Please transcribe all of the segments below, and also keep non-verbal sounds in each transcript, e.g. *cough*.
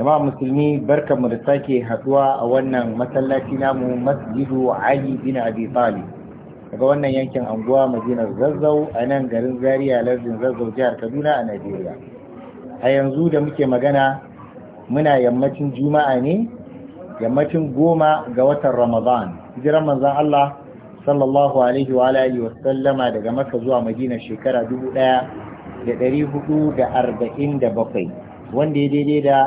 jama'a musulmi barkanmu da sake haduwa a wannan masallaci namu masjidu ali bin abi talib daga wannan yankin anguwa madinar zazzau a nan garin zaria lardin zazzau jihar kaduna a najeriya a yanzu da muke magana muna yammacin juma'a ne yammacin goma ga watan ramadan hijiran manzon allah sallallahu alaihi wa alihi wa sallama daga maka zuwa madina shekara dubu ɗaya da ɗari hudu da arba'in da bakwai wanda ya daidai da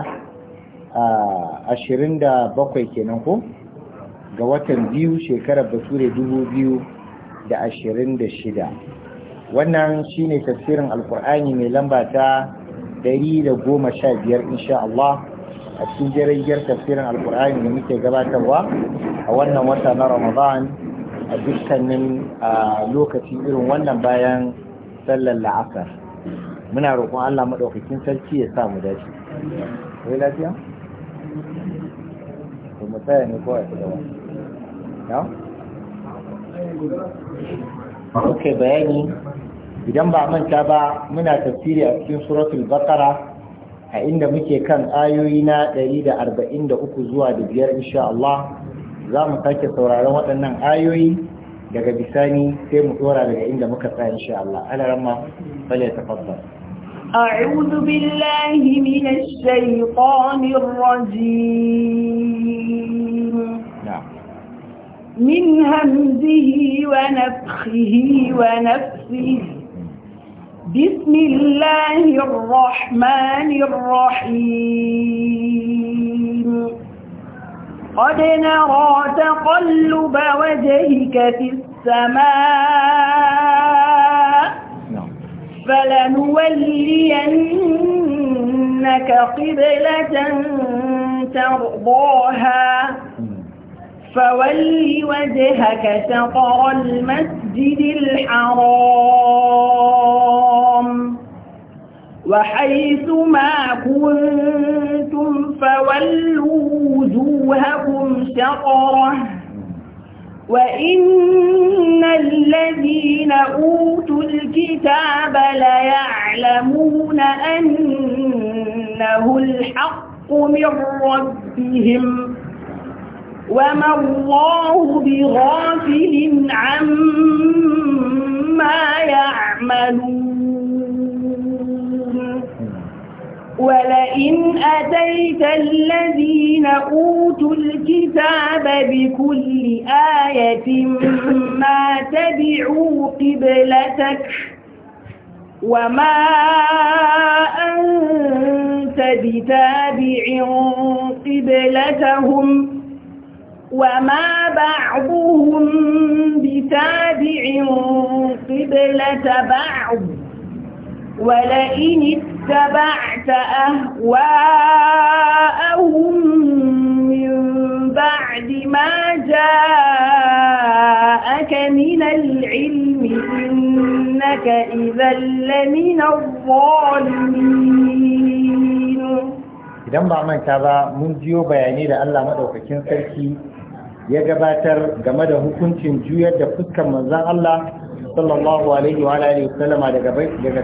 ashirin da bakwai kenan ko ga watan biyu shekarar bature dubu biyu da ashirin da shida wannan shi ne tafsirin alkur'ani mai lamba ta ɗari da goma sha biyar insha Allah a cikin jirgin tafsirin alkur'ani da muke gabatarwa a wannan wata na ramadan a dukkanin lokaci irin wannan bayan sallar la'asar muna roƙon Allah maɗaukakin sarki ya samu dace. Wai lafiya? mu ne gaba ya? ok bayani idan ba manta ba muna tafsiri a cikin suratul bakara a inda muke kan ayoyi na 143 zuwa da biyar insha Allah za mu sake sauraron waɗannan ayoyi daga bisani sai mu tsora daga inda muka tsaya insha Allah ala ramma ta fadda أعوذ بالله من الشيطان الرجيم نعم. من همزه ونفخه ونفسه بسم الله الرحمن الرحيم قد نرى تقلب وجهك في السماء فلنولينك قبلة ترضاها فول وجهك شطر المسجد الحرام وحيث ما كنتم فولوا وجوهكم شطره وإن الذين أوتوا الكتاب ليعلمون أنه الحق من ربهم وما الله بغافل عما يعملون ولئن أتيت الذين أوتوا الكتاب بكل آية ما تبعوا قبلتك وما أنت بتابع قبلتهم وما بعضهم بتابع قبلة بعض ولئن اتبعت أهواءهم من بعد ما جاءك من العلم إنك إذا لمن الظالمين idan ba manta ba mun jiyo bayanai da Allah madaukakin sarki ya gabatar game da hukuncin juyar da fuskar manzon Allah sallallahu alaihi wa alihi wasallama daga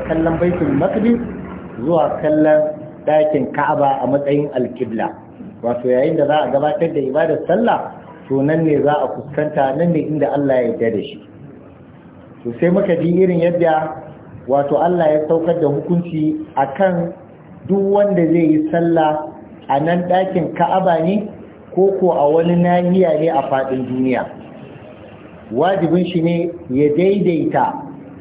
kallon baitul maqdis zuwa kallon ɗakin ka'aba a matsayin alkibla wato yayin da za a gabatar da ibadar sallah to nan ne za a fuskanta nan ne inda Allah ya yarda da shi to sai muka ji irin yadda wato Allah ya saukar da hukunci akan duk wanda zai yi sallah a nan ɗakin ka'aba ne ko ko a wani nahiya ne a faɗin duniya wajibin shi ne ya daidaita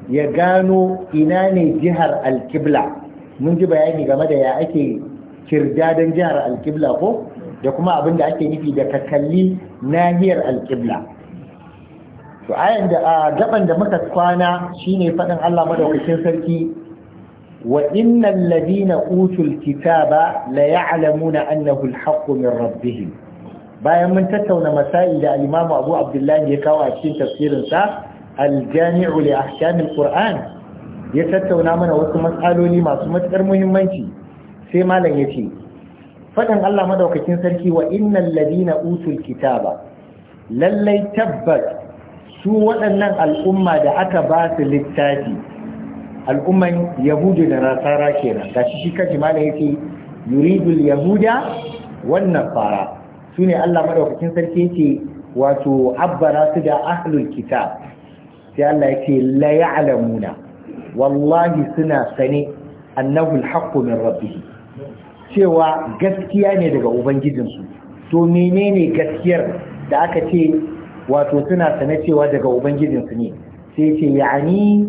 ya gano ina ne jihar alkibla mun ji bayani game da ya ake kirja don jihar alkibla ko da kuma abin da ake nufi da ka kalli nahiyar alkibla to ayan da a gaban da muka kwana shine faɗin Allah madaukakin sarki wa innal ladina utul kitaba la ya'lamuna annahu alhaqqu min rabbihim bayan mun tattauna masai da al-Imam Abu Abdullahi ya kawo a cikin tafsirinsa, sa al-Jami'u li ahkam al-Qur'an ya tattauna mana wasu matsaloli masu matuƙar muhimmanci sai malam ya ce faɗin Allah madaukakin sarki wa innan ladina utul kitaba lallai tabbas su waɗannan al'umma da aka ba su littafi al'umman yahudu da nasara kenan ga shi shi kaji malam ya ce yuridul yahuda wannan fara su ne Allah madaukakin sarki ya ce wato abbara su da ahlul kitab sai Allah ya ce la ya'lamuna wallahi suna sane annahu alhaqqu min rabbih cewa gaskiya ne daga ubangijinsu to menene gaskiyar da aka ce wato suna sane cewa daga ubangijinsu ne sai ce ya'ani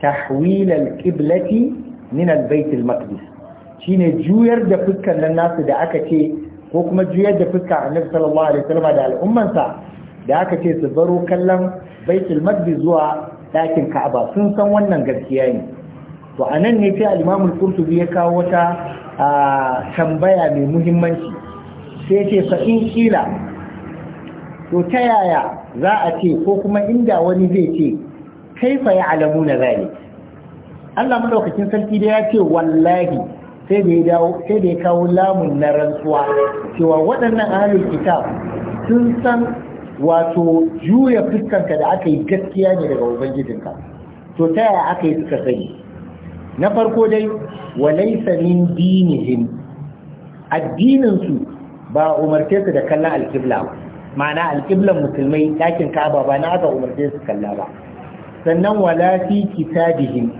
tahwil alqiblati min albayt almaqdis shine juyar da fuskan nan nasu da aka ce ko kuma juyar da fuska annabi sallallahu alaihi wasallam da al'ummansa da aka ce su baro kallon baitul maqdis zuwa ɗakin ka'aba sun san wannan gaskiya ne to a nan ne sai al-imam qurtubi ya kawo wata tambaya mai muhimmanci sai ce fa in kila to ta yaya za a ce ko kuma inda wani zai ce kaifa ya alamu na zalik Allah madaukakin sarki da ya ce wallahi sai da ya dawo sai da ya kawo lamun na rantsuwa cewa waɗannan ahlul kitab sun san wato juya fuskanka da aka yi gaskiya ne daga ubangijinka to ta yaya aka yi suka sani na farko dai walaisa min dinihim addininsu ba umarce su da kallon alkibla ba ma'ana alƙiblan musulmai ɗakin kaba ba na aka umarce su kalla ba sannan wala fi kitabihim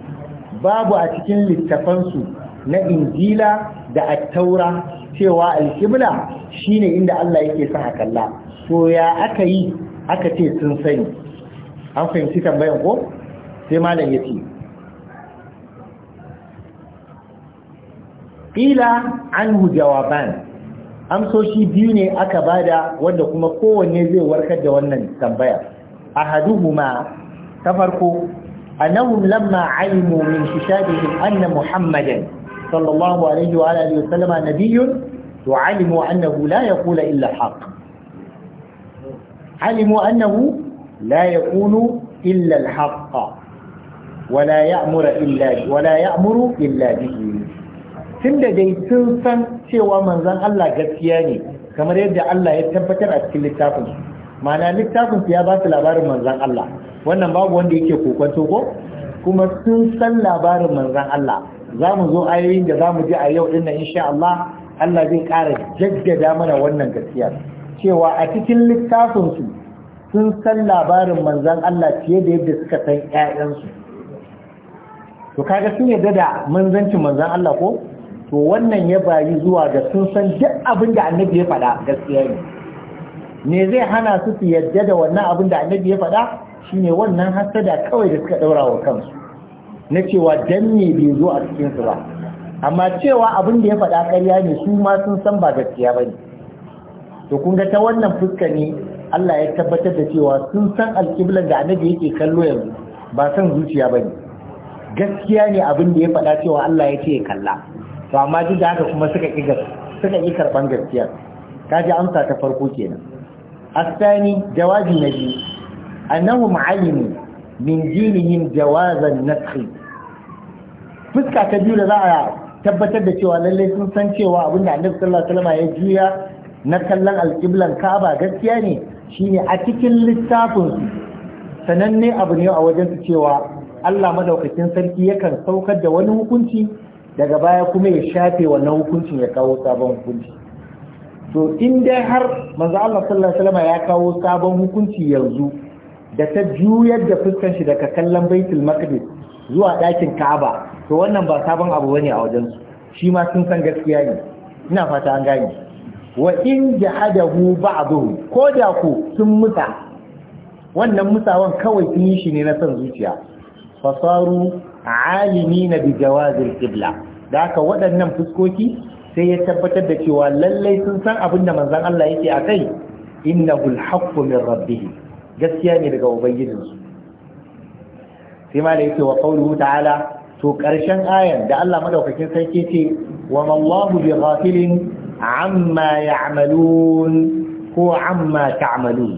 babu a cikin littafansu na injila da attaura cewa alkibla shine inda Allah yake sa a kalla to ya aka yi aka ce sun sani an fahimci tambayan ko sai malam ya ce ƙila an jawaban amsoshi biyu ne aka bada wanda kuma kowanne zai warkar da wannan tambaya ahaduhuma ta farko annahum lamma aimu min hisabihim anna muhammadan sallallahu alaihi wa alihi wa sallama nabiyyun wa alimu annahu la kula illa haqq alimu annahu la yakunu illa al-haqqa wala ya'muru illa illa tunda dai sun san cewa manzon Allah gaskiya ne kamar yadda Allah ya tabbatar a cikin littafin ma'ana littafin ya ba su labarin manzon Allah wannan babu wanda yake kokonto ko kuma sun san labarin manzon Allah za mu zo ayoyin da za mu ji a yau din nan insha Allah Allah zai ƙara jaddada mana wannan gaskiya cewa a cikin littafinsu sun san labarin manzan Allah fiye da yadda suka san ‘ya'yansu. To kaga sun yarda da manzancin manzan Allah ko? To wannan ya bayi zuwa ga sun san duk abin da annabi ya faɗa gaskiya ne. Me zai hana su su yarda da wannan abin da annabi ya faɗa shine wannan hasada kawai da suka ɗaura wa kansu. Na cewa dan ne bai zo a cikinsu ba. Amma cewa abin da ya faɗa ƙarya ne su ma sun san ba gaskiya ba ne. to kun ga ta wannan fuska ne Allah ya tabbatar da cewa sun san alƙiblan da annabi yake kallo yanzu ba san zuciya ba ne gaskiya ne abin da ya faɗa cewa Allah ya ce ya kalla to amma duk da haka kuma suka ƙi suka ƙi karɓan gaskiya kaji amsa ta farko kenan asani jawabi na biyu annahu ma'alimi min jinihim jawazan naskhi fuska ta biyu da za a tabbatar da cewa lallai sun san cewa abinda da annabi sallallahu alaihi wasallam ya juya na kallon alƙiblan kaba gaskiya ne shi ne a cikin littafinsu sananne abu ne a wajen cewa Allah madaukakin sarki yakan saukar da wani hukunci daga baya kuma ya shafe wannan hukuncin ya kawo sabon hukunci to in dai har manzo Allah sallallahu alaihi wasallam ya kawo sabon hukunci yanzu da ta juyar da fuskar shi daga kallon Baitul Maqdis zuwa ɗakin Ka'aba to wannan ba sabon abu bane a wajen su shi ma sun san gaskiya ne ina fata an gane wa in ba ba'dhum ko da ku sun musa wannan musawan kawai sun yi shi ne na san zuciya fasaru na bi jawazil qibla da haka waɗannan fuskoki sai ya tabbatar da cewa lallai sun san abin da manzon Allah yake akai innahu alhaqqu min rabbih gaskiya ne daga ubangijinsu sai ma da yake wa qawluhu ta'ala to ƙarshen ayan da Allah madaukakin sarki ce wa mallahu bi ghafilin amma ya'malun ko amma ta'malun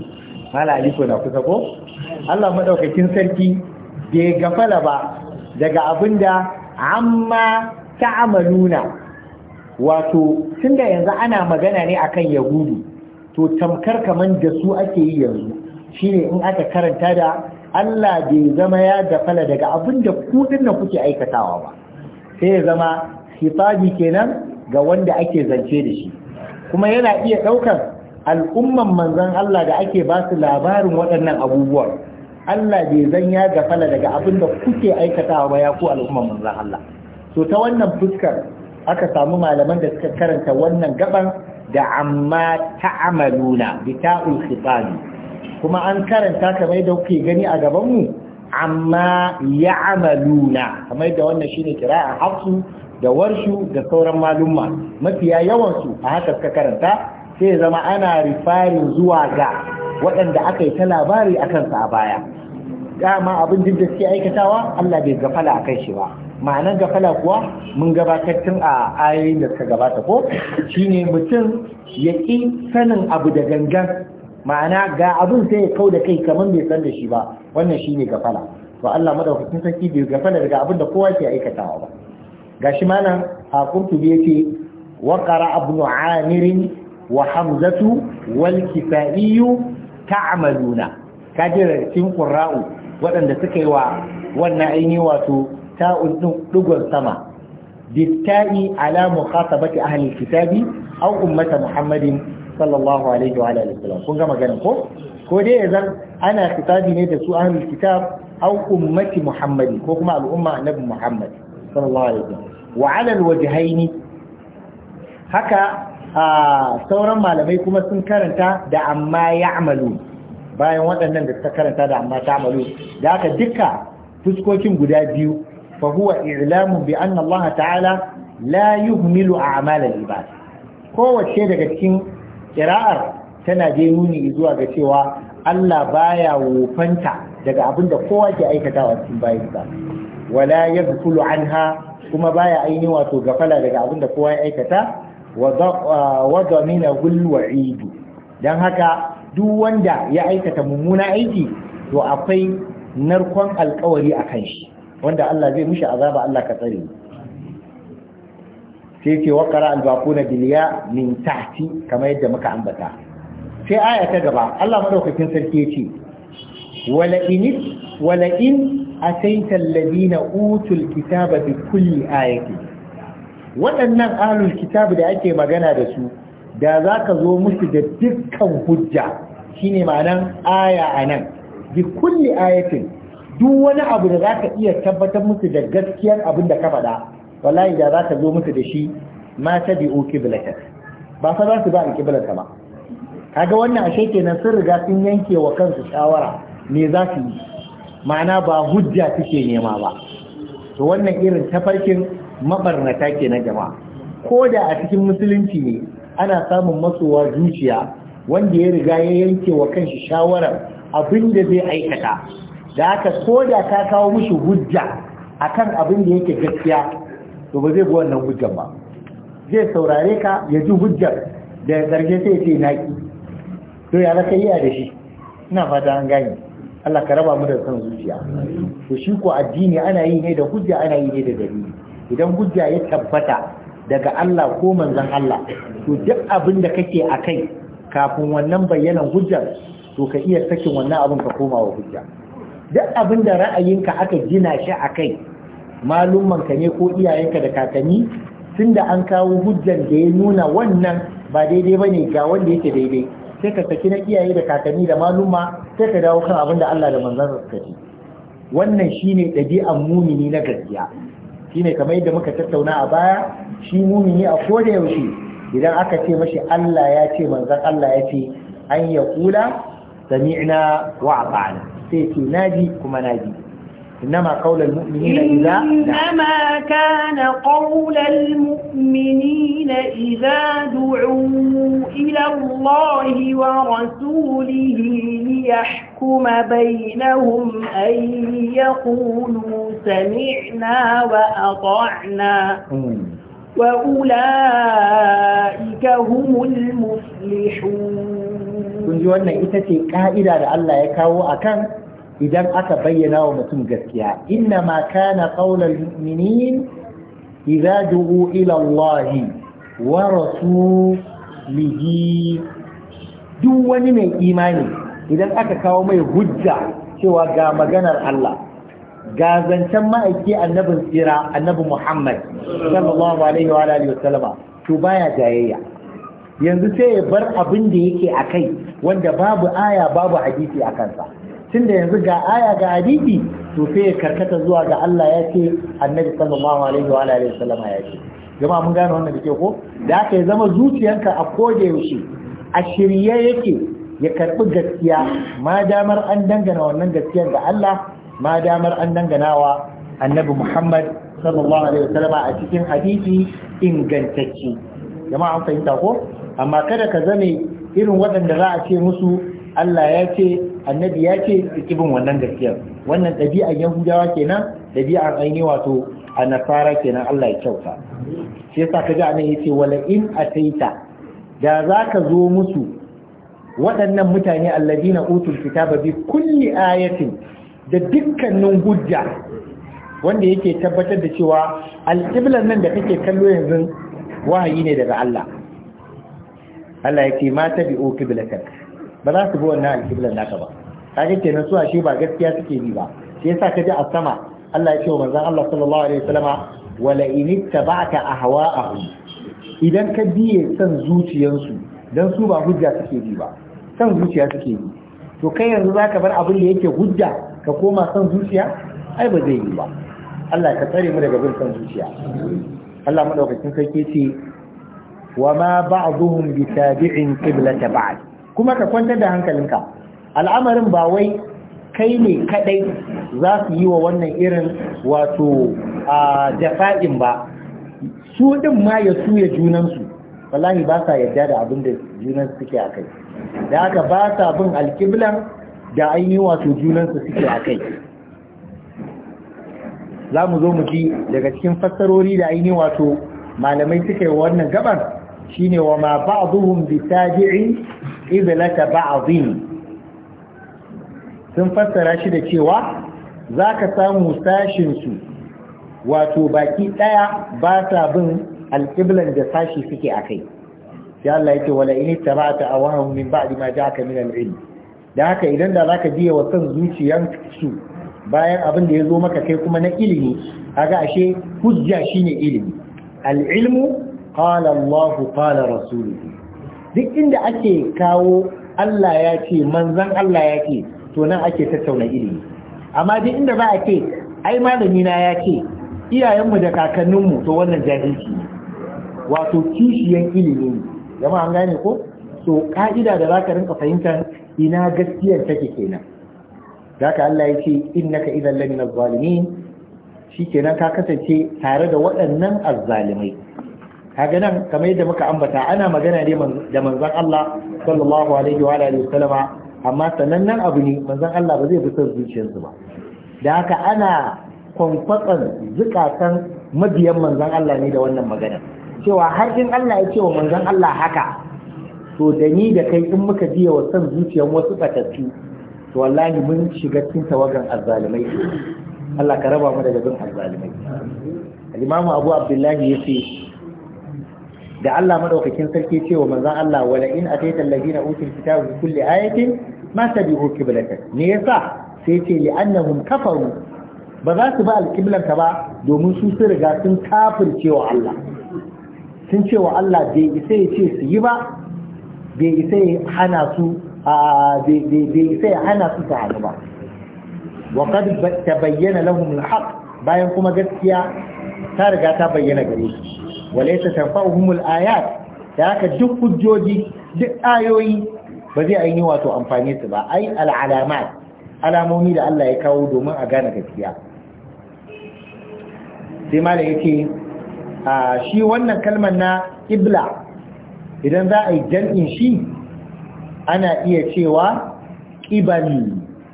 mala aliko na kusa ko Allah maɗaukakin sarki bai gafala ba daga da amma ta'maluna wato tunda yanzu ana magana ne akan yahudu to tamkar kamar da su ake yi yanzu shine in aka karanta da Allah bai zama ya gafala daga da kuɗin din kuke aikatawa ba sai ya zama hitabi kenan ga wanda ake zance da shi kuma yana iya ɗaukar al'umman manzan Allah da ake ba su labarin waɗannan abubuwan Allah bai zan ya gafala daga abin da kuke aikatawa ba ya ku al'umman manzan Allah so ta wannan fuskar aka samu malaman da suka karanta wannan gaban da amma ta'amaluna bi ta'ul kuma an karanta kamar da kuke gani a gaban mu amma ya'amaluna kamar da wannan shine kira'a hafsu da warshu da sauran malumma mafiya yawansu a haka suka karanta sai zama ana rifarin zuwa ga waɗanda aka yi ta labari a kansa a baya dama abin da suke aikatawa Allah bai gafala a kai shi ba ma'anar gafala kuwa mun gabatar tun a ayoyin da suka gabata ko shine mutum ya ƙi sanin abu da gangan ma'ana ga abin sai ya kau da kai kamar bai san da shi ba wannan shine gafala to Allah madaukakin sarki bai gafala daga abin da kowa ke aikatawa ba gashi malam a kurtubi yace wa qara ibn amir wa hamzatu wal kifai ta'maluna kaje cikin qurra'u waɗanda suka yi wa wannan aini wato ta'un dugon sama bitta'i ala mukhatabati ahli kitabi aw ummata muhammadin sallallahu alaihi wa alihi wasallam kun ga maganar ko ko dai yanzu ana kitabi ne da su ahli kitab aw ummati muhammadi ko kuma al'umma annabi muhammad sallallahu alaihi wasallam wa alal wajhaini haka sauran malamai kuma sun karanta da amma ya'malu bayan waɗannan da suka karanta da amma ta'malu da haka duka fuskokin guda biyu fa huwa i'lamu bi anna Allah ta'ala la yuhmilu a'mal al-ibad kowace daga cikin qira'ar tana je nuni zuwa ga cewa Allah baya wufanta daga abin da kowa ke aikatawa cikin ba. wala yaghfulu ha, kuma baya aini wato gafala daga abin da kowa ya aikata wa mina gulwa wa'idu dan haka duk wanda ya aikata mummuna aiki to akwai narkon alkawari a kan shi wanda Allah zai mushi azaba Allah ka tsare sai ce wa qara al-baquna biliya min tahti kamar yadda muka ambata sai aya ta gaba Allah madaukakin sarki ya ce wala in أتيت الذين أوتوا الكتاب بكل آية waɗannan ahlul kitab da ake magana da su da za ka zo musu da dukkan hujja shine ma'anan aya a nan bi kulli duk wani abu da za ka iya tabbatar musu da gaskiyar abin da ka faɗa wallahi da za ka zo musu da shi ma ta bi o ba fa za su ba alkiblatar ba kaga wannan ashe kenan sun riga sun yanke wa kansu shawara me za su yi ma'ana ba hujja suke nema ba to wannan irin tafarkin mabarnata ke na jama'a ko da a cikin musulunci ne ana samun matsowa zuciya wanda ya riga ya yanke wa kanshi shawarar abin da zai aikata da aka ko da ka kawo mushi hujja akan abin da yake gaskiya to ba zai bi wannan hujjar ba zai saurare ka ya ji hujjar da ya sai ce naki to ya raka iya da shi ina fata an gane Allah ka raba mu da san zuciya to shi ko addini ana yi ne da hujja ana yi ne da dalili idan hujja ya tabbata daga Allah ko manzon Allah to duk abin da kake a kai kafin wannan bayyanan hujjar to ka iya sakin wannan abin ka koma wa hujja duk abin da ra'ayinka aka gina shi a kai malumanka ne ko iyayenka da kakanni tunda an kawo hujjar da ya nuna wannan ba daidai bane ga wanda yake daidai sai ka saki na iyaye da kakanni da maluma sai ka dawo kan abin da Allah da manzon suka wannan shine ɗabi'an mumini na gaskiya shine kamar yadda muka tattauna a baya shi mumini a koda yaushe idan aka ce mashi Allah ya ce manzon Allah ya ce an ya kula sami'na wa ata'na sai ce naji kuma naji إنما قول المؤمنين إذا إنما كان قول المؤمنين إذا دعوا إلى الله ورسوله ليحكم بينهم أن يقولوا سمعنا وأطعنا وأولئك هم المفلحون كنت أن إتتي قائلة لألا يكاو أكان idan aka bayyana wa mutum gaskiya inna ma kana qaulal mu'minin idza du'u ila Allah wa rasulihi duk wani mai imani idan aka kawo mai hujja cewa ga maganar Allah ga zancen ma'aiki annabin tsira annabi Muhammad sallallahu alaihi wa alihi wasallama to baya jayayya yanzu sai ya bar abin da yake kai wanda babu aya babu hadisi a kansa tunda yanzu ga aya ga hadisi to sai ya karkata zuwa ga Allah ya ce annabi sallallahu alaihi wa alihi wasallama ya ce jama'a mun gane wannan da ko da aka ya zama zuciyarka a koda yaushe a shirye yake ya karbi gaskiya ma damar an dangana wannan gaskiyar ga Allah ma damar an danganawa annabi Muhammad sallallahu alaihi wasallama a cikin hadisi ingantacce jama'a an fahimta ko amma kada ka zame irin waɗanda za a ce musu Allah ya ce annabi ya ce kibin wannan gaskiyar wannan ɗabi'ar yahudawa kenan ɗabi'ar aini wato a nasara kenan Allah ya kyauta shi yasa kaga ya yace wala in ataita da zaka zo musu waɗannan mutane alladina utul kitaba bi kulli ayatin da dukkanin hujja wanda yake tabbatar da cewa alƙiblar nan da kake kallo yanzu wahayi ne daga Allah Allah ya ce ma o qiblatak ba za su bi wannan alƙiblar naka ba kaga kenan su ashe ba gaskiya suke bi ba shi yasa ka ji a sama Allah ya ce wa manzon Allah sallallahu alaihi wasallama wala in ittaba'ta ahwa'ahum idan ka biya san zuciyansu dan su ba hujja suke bi ba san zuciya suke bi to kai yanzu zaka bar abin da yake hujja ka koma san zuciya ai ba zai yi ba Allah ka tsare mu daga bin san zuciya Allah madaukakin sarki ce wa ma ba'dhum bi tabi'in qiblata ba'd kuma ka kwantar da hankalinka al'amarin ba wai kai ne kadai za su yi wa wannan irin wato a jafa'in ba su din ma ya suya junansu wallahi ba sa yadda da abin da junansu suke a kai da haka ba sa bin alkiblan da ainihin wato junansu suke a kai za mu zo mu ji daga cikin fassarori da ainihin wato malamai suka yi wannan gaban shine wa ma ba'dhum bitaji'in iblata ba'dhin sun fassara shi da cewa zaka samu sashin su wato baki daya ba ta bin alqiblan da sashi suke akai sai Allah yake wala in tabata awahum min ba'di ma ja'aka min al-ilm da haka idan da zaka biya wa san zuciyan su bayan abin da ya zo maka kai kuma na ilimi kaga ashe hujja shine ilimi al-ilmu qala Allah qala rasuluhu duk inda ake kawo Allah ya ce manzon Allah ya ce to nan ake tattauna ilimi amma duk inda za a ce ai malami na ya ce iyayenmu da kakanninmu to wannan jahilci ne wato kishiyan ilimi ne jama'a an gane ko to ka'ida da zaka rinka fahimta ina gaskiyar take kenan zaka Allah ya ce innaka idan lamina zalimin shikenan ka kasance tare da waɗannan azzalimai kaga nan kamar yadda muka ambata ana magana ne da manzon Allah sallallahu alaihi wa alihi wasallama amma sanannen abu ne manzon Allah ba zai fitar zuciyarsu ba da haka ana kwamfatsan zukatan mabiyan manzon Allah ne da wannan magana cewa har in Allah ya ce wa manzon Allah haka to da ni da kai in muka biya wa san zuciyar wasu fatattu to wallahi mun shiga cikin tawagan azzalimai Allah ka raba mu daga zan azzalimai imam Abu Abdullahi yace da Allah madaukakin sarki cewa manzon Allah wala in ataita alladina utul kitaba bi kulli ayatin ma tabi'u qiblatak me yasa sai ce li'annahum kafaru ba za su ba alqiblanka ba domin su sun riga sun kafircewa Allah sun wa Allah bai isa ya ce su yi ba bai isa ya hana su bai isa ya hana su ta hannu ba wa ta bayyana lahum alhaq bayan kuma gaskiya ta riga ta bayyana gare shi walaysa tanfa'uhumul ayat da haka duk hujjoji duk ayoyi ba zai ainihi wato amfani su ba ai al'alamat alamomi da Allah ya kawo domin a gane gaskiya sai ma da yake shi wannan kalmar na ibla idan za a yi jam'in shi ana iya cewa ƙibali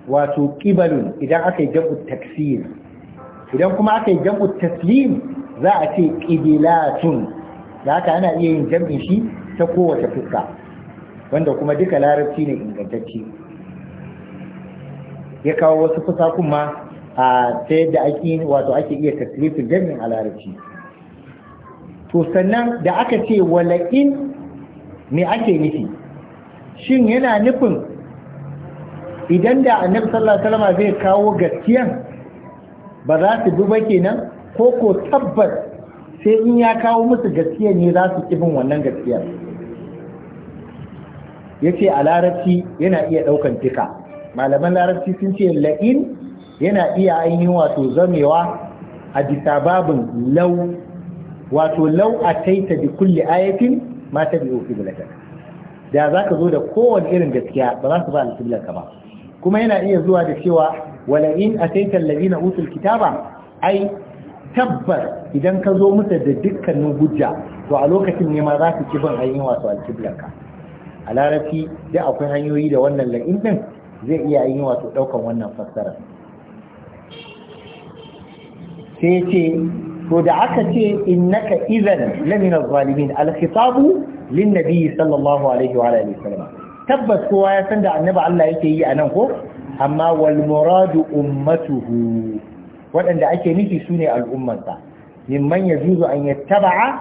wato ƙibalun idan aka yi jam'ut taksir idan kuma aka yi jam'ut taslim za a ce ƙibilatun da haka ana iya yin jam'in shi ta kowace fuska wanda kuma duka larabci ne ingantacce ya kawo wasu fusakun kuma a ta yadda ake wato ake iya tasirifin jam'in a larabci to sannan da aka ce wala'in me ake nufi shin yana nufin idan da annabi sallallahu alaihi wasallam zai kawo gaskiyan ba za su duba kenan Koko ko tabbas sai in ya kawo musu gaskiya ne za su kifin wannan gaskiyar ya ce a larabci yana iya ɗaukan tika malaman larabci sun ce la'in yana iya ainihin wato zamewa a bisa babin lau wato lau a taita bi kulle ayatin ma ta biyo kiblatak da za ka zo da kowane irin gaskiya ba za su ba alkiblar ba kuma yana iya zuwa da cewa wala in taita lalina utul kitaba ai tabbas idan ka zo masa da dukkanin hujja to a lokacin ne ma za ka ci bin ainihin wato alkiblanka a larabci da akwai hanyoyi da wannan la'in din zai iya ainihin wato ɗaukan wannan fassara sai ce to da aka ce ka idan lamina zalimin alkhitabu lin nabi sallallahu alaihi wa alihi wasallam tabbas kowa ya san da annabi Allah yake yi anan ko amma wal muradu ummatuhu waɗanda ake nufi su ne al'ummansa mimman ya juzo an ya taba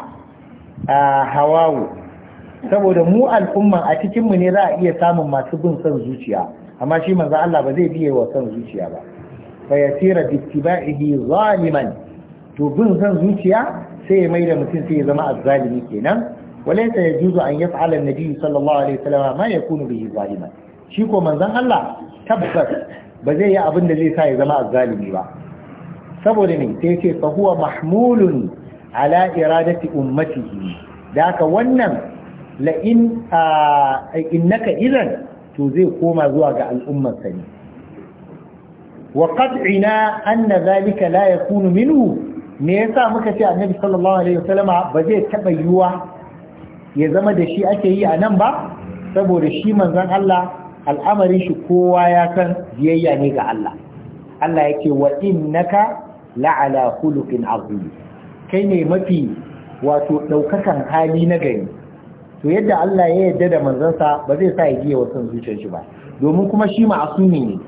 a hawawu saboda mu al'umman a cikinmu ne za a iya samun masu bin son zuciya amma shi manzo Allah ba zai biye wa son zuciya ba fa yasira bi ittiba'ihi zaliman to bin son zuciya sai ya maida mutum sai ya zama azzalimi kenan walaysa yajuzu an yaf'ala an-nabi sallallahu alaihi wasallam ma yakunu bihi zaliman shi ko manzon Allah tabbas ba zai yi abin da zai sa ya zama azzalimi ba saboda ne sai ce fa huwa mahmulun ala iradati ummatihi da haka wannan la in innaka idan to zai koma zuwa ga al'ummar sani wa qad'ina anna zalika la yakunu minhu me yasa muka ce annabi sallallahu alaihi wasallama ba zai taba yiwa ya zama da shi ake yi a nan ba saboda shi manzon Allah al'amarin shi kowa ya san biyayya ne ga Allah Allah yake wa innaka la'ala khuluqin azim kai ne mafi wato daukakan hali na gari to yadda Allah ya yarda da manzansa ba zai sa ya giya wasan zuciyar shi ba domin kuma shi ma'asumi ne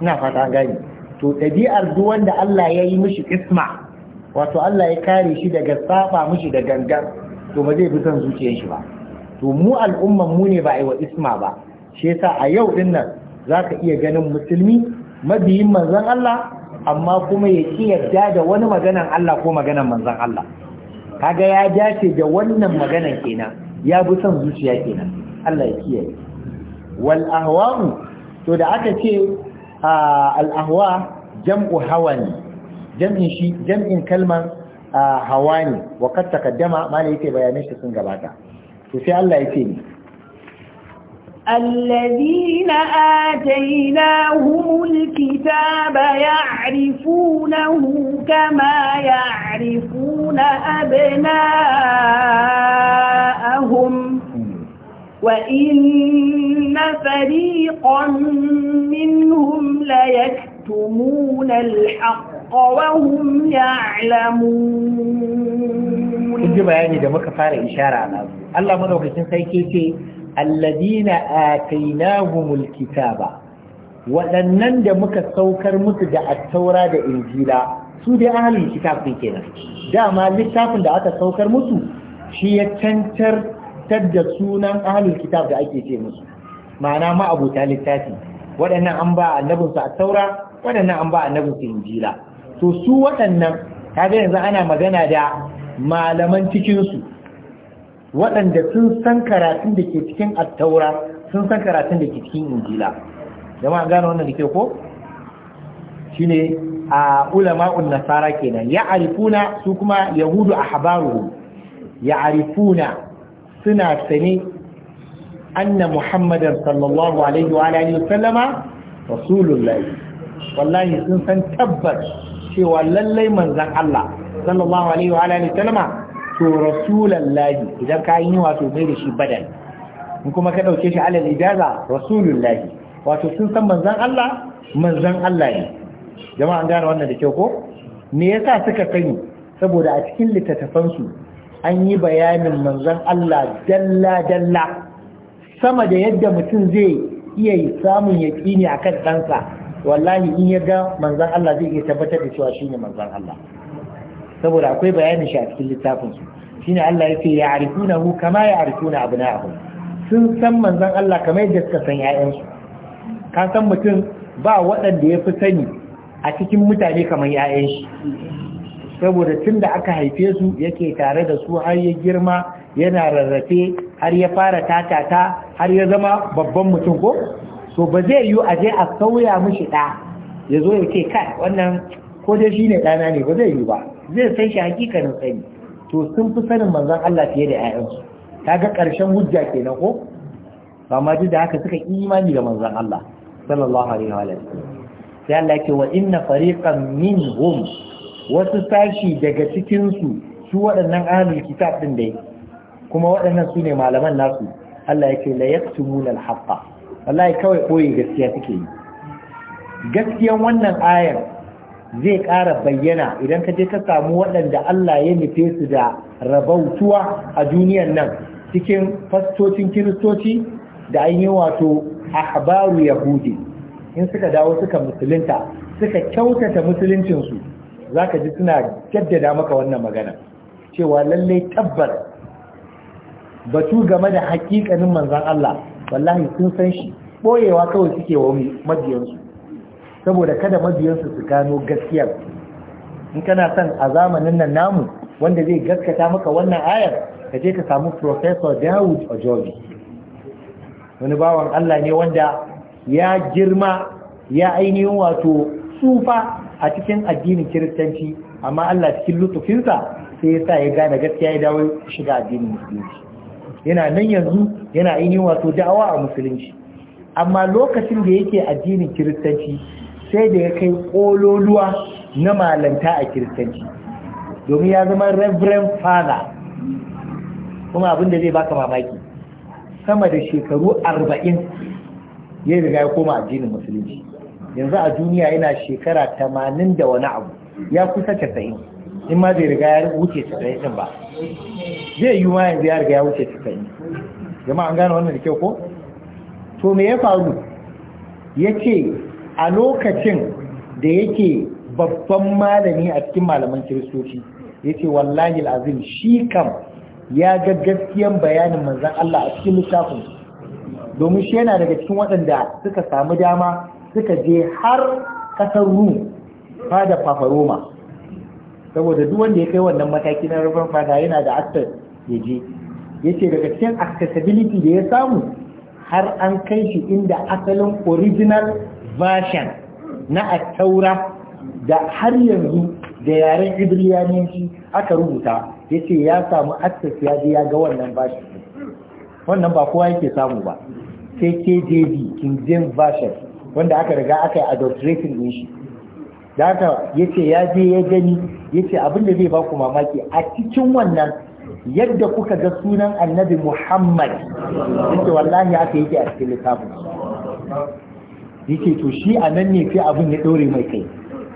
ina fata gani to ɗabi'ar duk wanda Allah ya yi mishi isma wato Allah ya kare shi daga safa mishi da gangan to ba zai bi son zuciyar shi ba to mu al'umman mu ne ba a yi wa isma ba shi yasa a yau din nan zaka iya ganin musulmi mabiyin manzon Allah amma kuma ya ƙi yarda da wani maganan Allah ko maganan manzan Allah kaga ya dace da wannan maganan kenan ya bi son zuciya kenan Allah ya yadda wal ahwa'u to da aka ce al ahwa jam'u ne. jam'in shi jam'in kalman hawa ne wa qad taqaddama ma ne yake bayanin shi sun gabata to sai Allah ya ce ni الذين آتيناهم الكتاب يعرفونه كما يعرفون أبناءهم وإن فريقا منهم ليكتمون الحق وهم يعلمون. alladina atainahumul kitaba waɗannan da muka saukar musu da attaura da injila su dai ahalin kitab ne kenan dama littafin da aka saukar musu shi ya cancantar da sunan ahalin kitab da ake ce musu ma'ana ma'abuta littafi waɗannan an ba annabinsu attaura waɗannan an ba annabinsu injila to su waɗannan kaga yanzu ana magana da malaman cikinsu waɗanda sun san karatun da ke cikin attaura sun san karatun da ke cikin injila jama'a gano wannan da ke ko Shi shine a ulama'un nasara kenan ya arifuna su kuma yahudu a habaru ya arifuna suna sane anna muhammadan sallallahu alaihi wa alihi wa sallama rasulullahi wallahi sun san tabbas cewa lallai manzon Allah sallallahu alaihi wa alihi wa sallama to rasulallahi idan ka yi wato mai da shi badal kuma ka ɗauke shi alal ijaza rasulun wato sun san manzan Allah manzan Allah ne jama'a gane wannan da kyau ko me yasa suka sani saboda a cikin littattafansu an yi bayanin manzan Allah dalla dalla sama da yadda mutum zai iya samun yaƙini akan ɗansa wallahi in ya ga manzan Allah zai iya tabbatar da cewa shine manzan Allah saboda akwai bayanin shi a cikin littafin su shine Allah ya ce ya'rifunahu kama na abna'ahum sun san manzon Allah kamar yadda suka san ƴaƴan su ka san mutum ba waɗanda ya fi sani a cikin mutane kamar ƴaƴan shi saboda tun da aka haife su yake tare da su har ya girma yana rarrafe har ya fara tatata har ya zama babban mutum ko so ba zai yi a je a sauya mishi ɗa ya zo ya ce kai wannan ko dai shi ne ɗana ne ba zai yi ba zai san shi hakikanin sani to sun fi sanin manzon Allah fiye da ƴaƴansu kaga ƙarshen hujja kenan ko ba ma da haka suka imani da manzan Allah sallallahu alaihi wa sallam sai Allah yake wa inna fariqan minhum wasu sashi daga cikin su su waɗannan ahlul kitab din dai kuma waɗannan su ne malaman nasu Allah ce la yaktumuna al-haqqa wallahi kawai koyi gaskiya suke yi gaskiyan wannan ayar zai ƙara bayyana idan ka je ka samu waɗanda Allah ya nufe su da rabautuwa a duniyar nan cikin fastocin kiristoci da an yi wato ahbaru yahudi in suka dawo suka musulunta suka kyautata musuluncinsu za ka ji suna jaddada maka wannan magana cewa lallai tabbar batu game da hakikanin manzan Allah wallahi sun san shi ɓoyewa kawai suke wa majiyarsu saboda kada mabiyansu su gano gaskiyar in kana son a zamanin nan namu wanda zai gaskata maka wannan ayar ka je ka samu professor Dawud Ojoji wani bawan Allah ne wanda ya girma ya ainihin wato tsufa a cikin addinin kiristanci amma Allah cikin lutufinsa sai ya sa ya gane gaskiya ya dawo shiga addinin musulunci yana nan yanzu yana ainihin wato da'awa a musulunci amma lokacin da yake addinin kiristanci sai da ya kai ƙololuwa na malanta a kiristanci domin ya zama reverend father kuma abin da zai baka mamaki sama da shekaru arba'in ya riga ya koma addinin musulunci yanzu a duniya yana shekara tamanin da wani abu ya kusa casa'in in ma zai riga ya wuce casa'in din ba zai yi ma yanzu ya riga ya wuce casa'in jama'a an gane wannan da kyau ko to me ya faru ya ce a lokacin da yake babban malami a cikin malaman kiristoci ya ce wallahi azim shi kam ya ga gaskiyan bayanin manzan Allah a cikin littafin domin shi yana daga cikin waɗanda suka samu dama suka je har ƙasar rum fada fafaroma saboda duk wanda ya kai wannan mataki na rufin fada yana da aktar ya je ya ce daga cikin accessibility da ya samu har an kai shi inda asalin original version na attaura da har yanzu da yaren ibraniyanci aka rubuta ya ce ya samu access ya je ya ga wannan version wannan ba kowa yake samu ba sai KJV King James version wanda aka riga aka yi adulterating din shi da aka ya ya je ya gani ya ce abin da zai ba ku mamaki a cikin wannan yadda kuka ga sunan annabi Muhammad ya wallahi aka yake a cikin littafin yake to shi a nan ne sai abin ya ɗore mai kai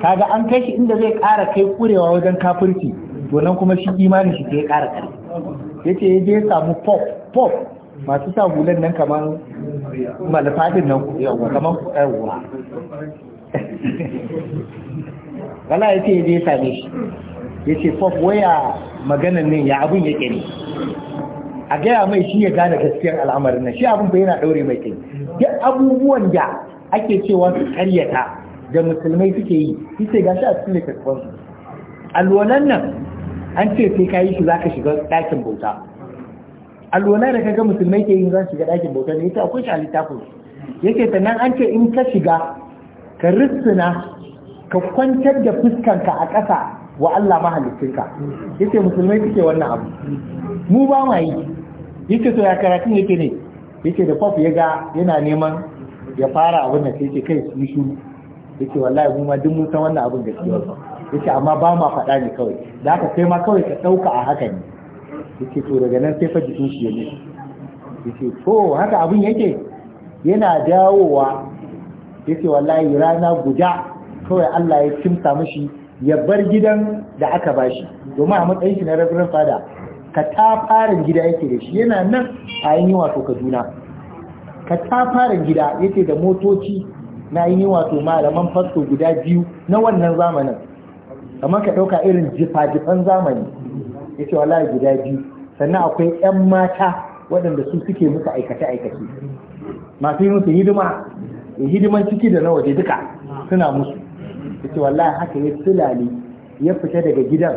kaga an kai shi inda zai ƙara kai ƙurewa wajen kafirci to nan kuma shi imanin shi sai ya ƙara ƙarfi yace ya je ya samu pop pop masu sa hulan nan kamar malafadin nan yawa kamar yawa *laughs* wala yace ya je ya same shi yace pop waya maganan nan ya abin ya ne a gaya mai shi ya gane gaskiyar al'amarin nan shi abin bai yana ɗaure mai kai duk abubuwan da ake cewa su karyata da musulmai suke yi shi sai gashi a cikin littattafan su alwalan nan an ce sai ka yi shi za ka shiga ɗakin bauta alwalan da kaga musulmai ke yin za su shiga ɗakin bauta ne ita akwai shi a littafin yake sannan an ce in ka shiga ka rissuna ka kwantar da fuskanka a ƙasa wa Allah mahalicinka yake musulmai suke wannan abu mu ba ma yi yake to ya karatun yake ne yake da kofi ya ga yana neman ya fara abin da sai ce kai su yi shuru ce wallahi mu ma duk mun san wannan abin gaskiya ce amma ba ma faɗa ne kawai da haka kai ma kawai ka ɗauka a haka ne ce to daga nan sai fa jikin shi ya ne to haka abin yake yana dawowa ce wallahi rana guda kawai Allah ya cimta mishi ya bar gidan da aka bashi domin a matsayin shi na rabirin fada ka ta farin gida yake da shi yana nan a yi wato Kaduna ka ta fara gida yace da motoci na yi wato malaman fasto guda biyu na wannan zamanin kamar ka ɗauka irin jifa-jifan zamani ya ce wallahi guda biyu sannan akwai 'yan mata waɗanda su suke musu aikace-aikace masu yi musu hidima ya hidiman ciki da na waje duka suna musu ya ce wallahi haka ya sulale ya fita daga gidan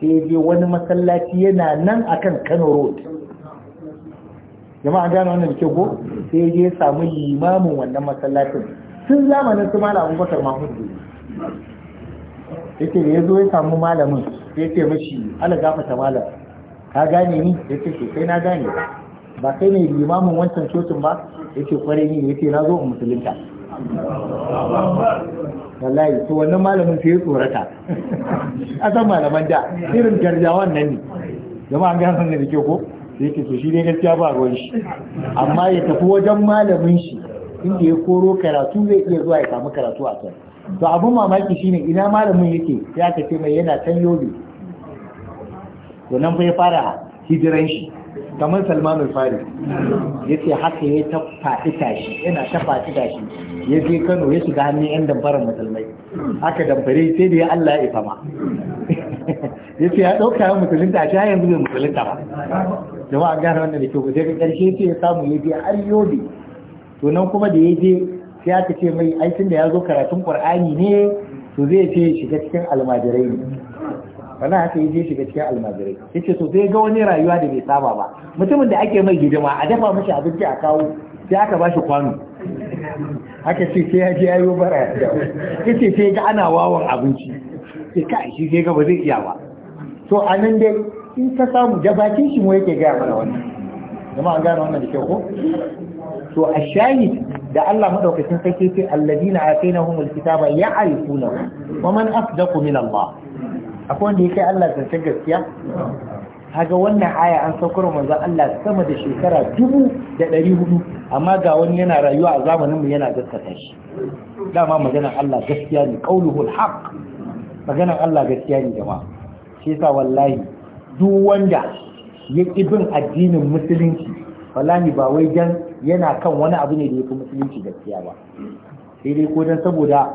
sai ya je wani masallaci yana nan a kan kano road jama'a gano wannan da ke ko sai ya je ya samu limamin wannan masallacin tun zamanin su malam abubakar Ya yake da ya zo ya samu malamin sai ya ce mashi ala gafata malam ka gane ni ya ce sai na gane ba kai ne limamin wancan cocin ba ya ce kware ni ya ce na zo in musulunta wallahi to wannan malamin sai ya tsorata *laughs* a san malaman da irin garjawan nan ne jama'a an wannan da ke ko sai ta so shi ne gaskiya ba ruwan shi amma ya tafi wajen malamin shi inda ya koro karatu zai iya zuwa ya samu karatu a kan to abin mamaki shine ina malamin yake sai aka ce mai yana can yobe to nan bai fara hijiran shi kamar salman fari ya ce haka ya ta faɗi tashi yana ta faɗi tashi ya je kano ya shiga hannun yan damfarar musulmai Haka damfare sai da ya allah ya fama *laughs* ya ce ya ɗauka musulunta a shi yanzu bai musulunta ba jama'a gane wannan da kyau sai ga karshe ce ya samu ya je ayyobi to nan kuma da ya je sai aka ce mai aikin da ya zo karatun qur'ani ne to zai ce shiga cikin almajirai ne wannan haka ya je shiga cikin almajirai ce to sai ga wani rayuwa da bai saba ba mutumin da ake mai hidima a dafa mashi abinci a kawo sai aka bashi kwano haka ce sai ya je yayo bara ya ce sai ga ana wawan abinci sai ka shi sai ga ba zai iya ba to anan dai in ka samu da bakin shi mu yake gaya mana wannan zama an gane wannan da kyau ko to a shahid da Allah madaukakin sarki ce alladina atainahumul kitaba ya'rifuna wa man asdaqu min Allah akwai wanda yake Allah ta gaskiya kaga wannan aya an saukar manzon Allah sama da shekara dubu da ɗari hudu amma ga wani yana rayuwa a zamanin mu yana gaskata shi dama maganar Allah gaskiya ne qauluhu alhaq maganar Allah gaskiya ne jama'a shi yasa wallahi duk wanda ya ƙi bin addinin musulunci wallahi ba wai dan yana kan wani abu ne da ya fi musulunci gaskiya ba sai dai ko dan saboda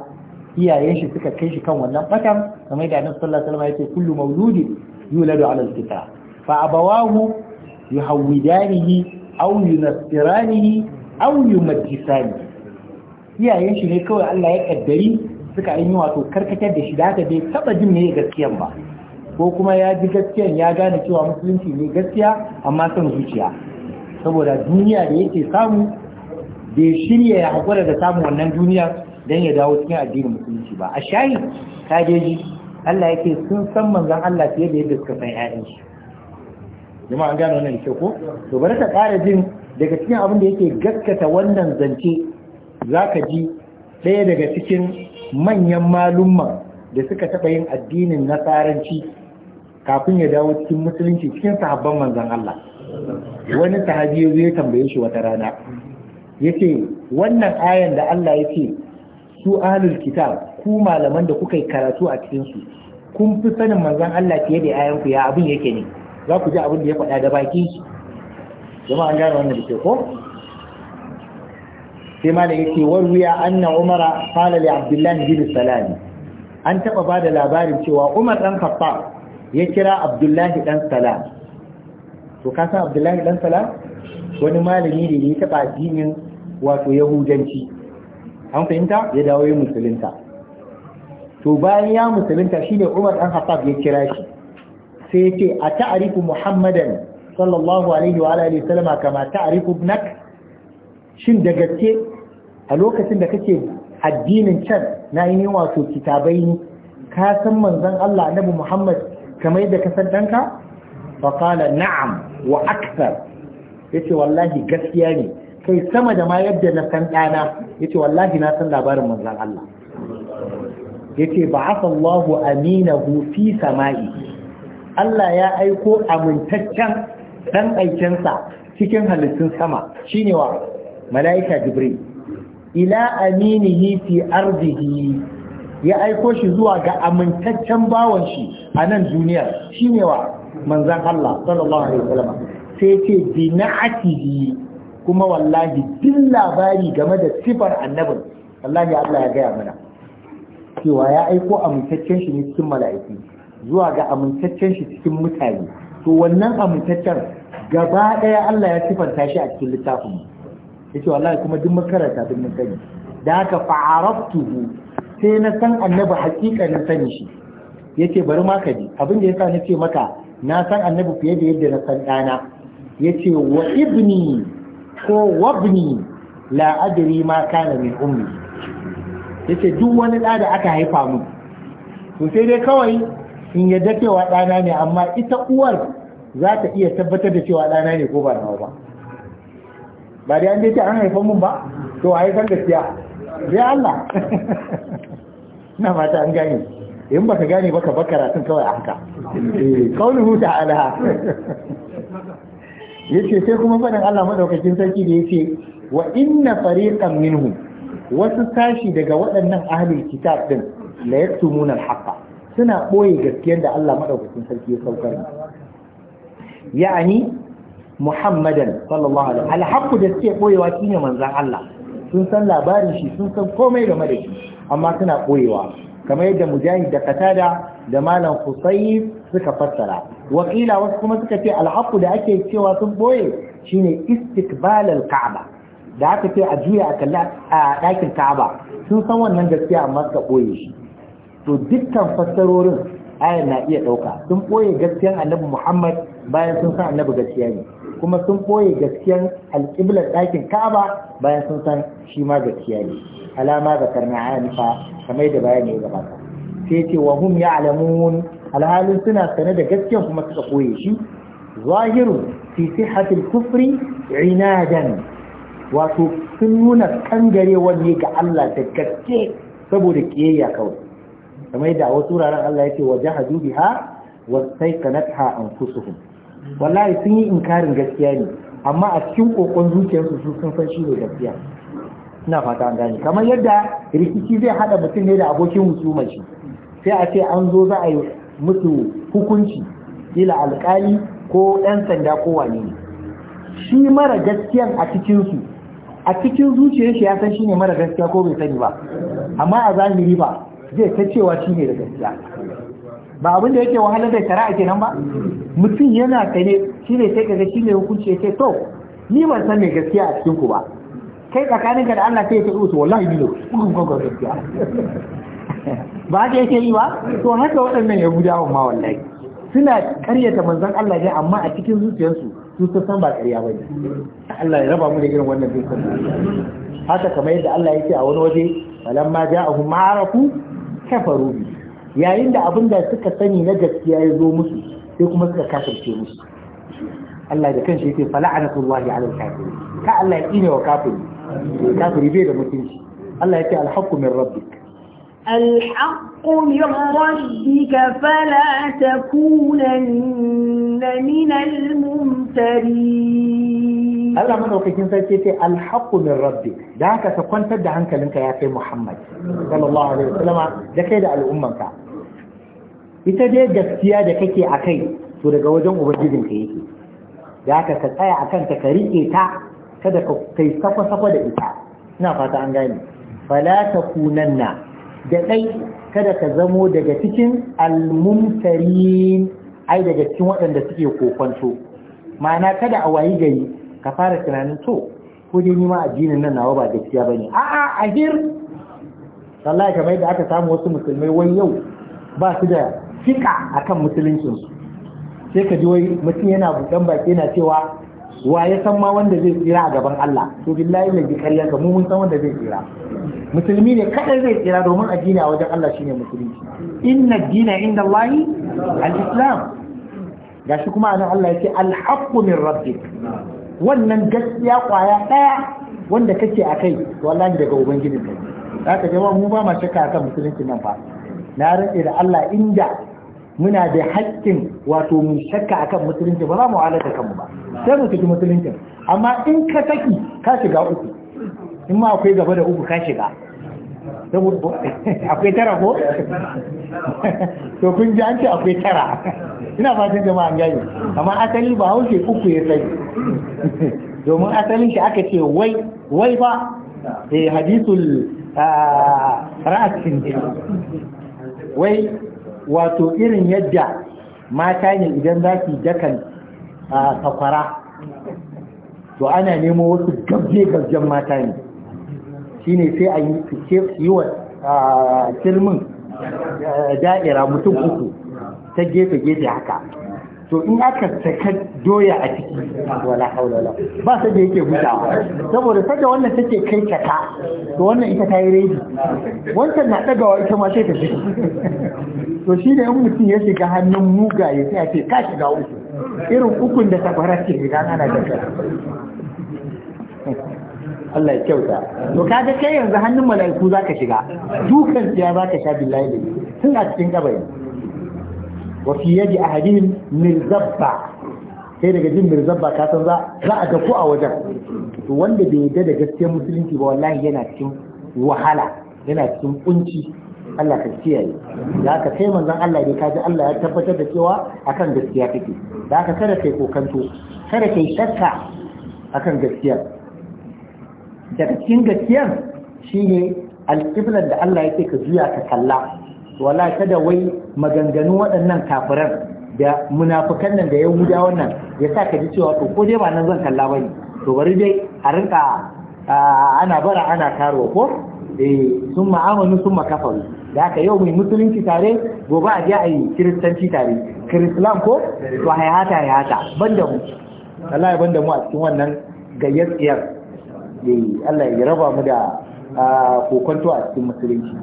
iyayen shi suka kai shi kan wannan batan kamar da annabi sallallahu alaihi wasallam ya ce kullu mawludi yuladu ala al-fitra fa abawahu yuhawidanihi aw yunassiranihi aw yumajjisanihi iyayen shi ne kawai Allah ya kaddari suka yi wato karkatar da shi da haka bai taba jin me gaskiyan ba ko kuma ya ji gaskiyan ya gane cewa musulunci ne gaskiya amma son zuciya saboda duniya da yake samu bai shirya ya haƙura da samun wannan duniya don ya dawo cikin addinin musulunci ba a shayi kadeji Allah yake sun san manzan Allah fiye da yadda suka san ƴaƴan shi jama'a an gano wannan ke ko to bari ka ƙara jin daga cikin abin da yake gaskata wannan zance zaka ji ɗaya daga cikin manyan malumman da suka taɓa yin addinin nasaranci kafin ya dawo cikin musulunci cikin sahabban manzon Allah wani sahabi ya zai tambaye shi wata rana yace wannan ayan da Allah yake su ahlul kitab ku malaman da kuka yi karatu a cikin su kun fi sanin manzon Allah fiye da ayan ku ya abin yake ne za ku ji abin da ya faɗa da baki shi an gane wannan da ke ko sai ma da yake warwiya anna umara qala li abdullah bin salam an taba bada labarin cewa umar dan khattab ya kira abdullahi dan salam to ka san abdullahi dan salam wani malami ne ya taɓa addinin wato yahudanci an fahimta ya dawo ya musulunta to bayan ya musulunta shine umar dan hafaf ya kira shi sai ya ce a ta'arifu muhammadan sallallahu alaihi wa alihi sallama kama ta'arifu ibnak shin da gaske a lokacin da kake addinin can na yi wato kitabai ka san manzon Allah annabi Muhammad kamar yadda ka ɗanka fa na'am wa akthar yace wallahi gaskiya ne kai sama da ma yadda na san ɗana yace wallahi na san labarin manzan Allah yace ba'atha Allahu aminahu fi sama'i Allah ya aiko amintaccen ɗan aikinsa cikin halittun sama shine wa mala'ika Jibril ila aminihi fi ardihi ya aiko shi zuwa ga amintaccen bawon shi a nan duniyar shi ne wa manzan Allah sallallahu alaihi wasallam sai ce bi na'atihi kuma wallahi bin labari game da sifar annabin wallahi Allah ya gaya mana cewa ya aiko amintaccen shi ne cikin mala'iki zuwa ga amintaccen shi cikin mutane to wannan amintaccen gaba ɗaya Allah ya sifanta shi a cikin littafin yace wallahi kuma duk makaranta duk mun sani da haka fa'araftuhu sai na san annabi hakika na sani shi yace bari ma ka ji abin da yasa nace maka na san annabi fiye da yadda na san dana yace wa ibni ko wabni la adri ma kana min ummi yace duk wani da da aka haifa mu to sai dai kawai in yadda cewa dana ne amma ita uwar za ta iya tabbatar da cewa dana ne ko ba nawa ba ba dai an dace an haifa mun ba to a yi san gaskiya ya Allah na mata an gane in baka gane baka ba karatun kawai a haka kaunuhu eh, Ya ce sai kuma faɗin Allah madaukakin sarki da ya ce, wa inna fariƙan minhu, wasu tashi daga waɗannan ahalin kitab din ya tumunan haka suna ɓoye gaskiyar da Allah madaukakin sarki ya saukar ya'ani Muhammadan sallallahu alaihi al-haqqu da suke boyewa shine manzan Allah sun san labarin shi sun san komai game da shi amma suna koyewa kamar yadda mujahid da katada da malam husayi suka fassara wakila wasu kuma suka ce alhaqu da ake cewa sun boye shine istiqbalal ka'aba da aka ce a juya a kalla a ɗakin ka'aba sun san wannan gaskiya amma suka boye shi to dukkan fassarorin ayar na iya ɗauka sun boye gaskiyan annabi muhammad bayan sun san annabi gaskiya ne kuma sun ɓoye gaskiyan alƙiblar ɗakin ka'aba bayan sun san shi ma gaskiya ne alama da karna fa kamar da bayan ya gabata sai ce wa hum ya'lamun alhalin suna sane da gaskiyan kuma suka ɓoye shi zahirun fi sihhatil kufri inadan wato sun nuna kangarewar ne ga Allah da gaske saboda kiyayya kawai kamar da a wasu wuraren Allah ya ce wa jahadu biha wa saykanatha anfusuhum wallahi sun yi inkarin gaskiya ne amma a cikin kokon zuciyarsu su sun san shi ne gaskiya ina fata an gane kamar yadda rikici zai hada mutum ne da abokin husuma shi sai a ce an zo za a yi musu hukunci ila alkali ko ɗan sanda ko wane ne shi mara gaskiyan a cikinsu a cikin zuciyar shi ya san shi ne mara gaskiya ko bai sani ba amma a zahiri ba zai ta cewa shi ne da gaskiya ba abin da yake wahalar da shari'a kenan ba mutum yana tare shi ne sai kaga shi ne hukunci ya ce to ni ban san me gaskiya a cikin ku ba kai tsakanin ka da Allah sai ya ce to wallahi ni ne kun ga gaskiya ba ka yake yi ba to haka waɗannan ya yahudawan ma wallahi suna karyata manzon Allah ne amma a cikin zuciyarsu su ta san ba ƙarya ba ne Allah ya raba mu da irin wannan dukkan haka kamar yadda Allah yake a wani waje falamma ja'ahum ma'arafu kafaru bihi yayin da abin da suka sani na gaskiya ya zo musu sai kuma suka kafirce musu Allah da kanshi yake fala'anatullahi ala al ka Allah ya tsine wa kafiri kafiri bai da mutunci Allah ya ce alhaqqu min rabbik الحق من ربك فلا تكونن من الممترين الله من وقتين سيكيتي الحق من ربك دعك تكون تدع عنك لنك يا أخي محمد صلى الله عليه وسلم ده الأمة ita dai gaskiya da kake a kai to daga wajen ubangijinka yake da aka ka tsaya a kanta ka rike ta kada ka kai da ita ina fata an gane fala da ɗai kada ka zamo daga cikin almumtarin ai daga cikin waɗanda suke kokonto ma'ana kada a wayi gari ka fara tunanin to ko dai ni ma addinin nan nawa ba gaskiya bane a'a ahir wallahi kamar da aka samu wasu musulmai wai yau ba su da fika akan musuluncin su sai ka ji wai mutum yana buɗan baki yana cewa wa ya san ma wanda zai tsira a gaban Allah to billahi mai bi karya ka mu mun san wanda zai tsira musulmi ne kadai zai tsira domin addini a wajen Allah shine musulunci inna dina inda Allah al-islam gashi kuma anan Allah yake al-haqqu min rabbik wannan gaskiya kwaya daya wanda kake akai wallahi daga ka. zaka jama'a mu ba ma shakka akan musulunci nan fa na rantse da Allah inda muna da haƙƙin wato mu shakka akan musulunci ba za mu halatta kanmu ba sai mu tafi musulunci amma in ka saki ka shiga uku in ma akwai gaba da uku ka shiga *laughs* akwai tara ko *laughs* to kun ji an ce akwai tara *laughs* ina fatan jama'a an gani amma asali ba haushe uku ya sai domin asalin shi aka ce wai wai ba eh hadisul ah, ra'asin wai wato irin yadda mata ne idan za su dakan sakwara to ana nemo wasu gabje-gabjen mata ne shi ne sai a yi wa kirmin da'ira mutum uku ta gefe-gefe haka to in aka saka doya a ciki wala haula wala ba sai da yake hutawa saboda saka wannan take kai taka to wannan ita ta yi wannan wancan na dagawa ita ma sai ta shi *laughs* to shi da in mutum ya shiga hannun mugaye sai a ce ka shiga uku irin ukun da tabara ce ga ana da *laughs* Allah ya kyauta to kaga kai yanzu hannun mala'iku zaka shiga dukan ya zaka sha billahi tun a cikin kabari wa fi a ahadihim mirzabba sai daga jin mirzabba ka san za za a dako a wajen wanda bai yarda da gaskiyar musulunci ba wallahi yana cikin wahala yana cikin kunci Allah ka kiyaye da aka kai manzon Allah ne kaji Allah ya tabbatar da cewa akan gaskiya kake da aka kada kai kokanto kada kai shakka akan gaskiya daga cikin gaskiyar shine alƙiblar da Allah yake ka juya ka kalla wala kada wai maganganu waɗannan kafiran da munafukan nan da ya yahuda wannan ya sa ka ji cewa to ko dai ba nan zan kalla bane to bari dai a rinka ana bara ana karo ko eh sun ma'amanu sun ma kafaru da haka yau mai musulunci tare gobe a je a yi kiristanci tare kirislam ko to hayata hayata ban da mu wallahi ban da mu a cikin wannan gayyatsiyar eh Allah ya raba mu da kokonto a cikin musulunci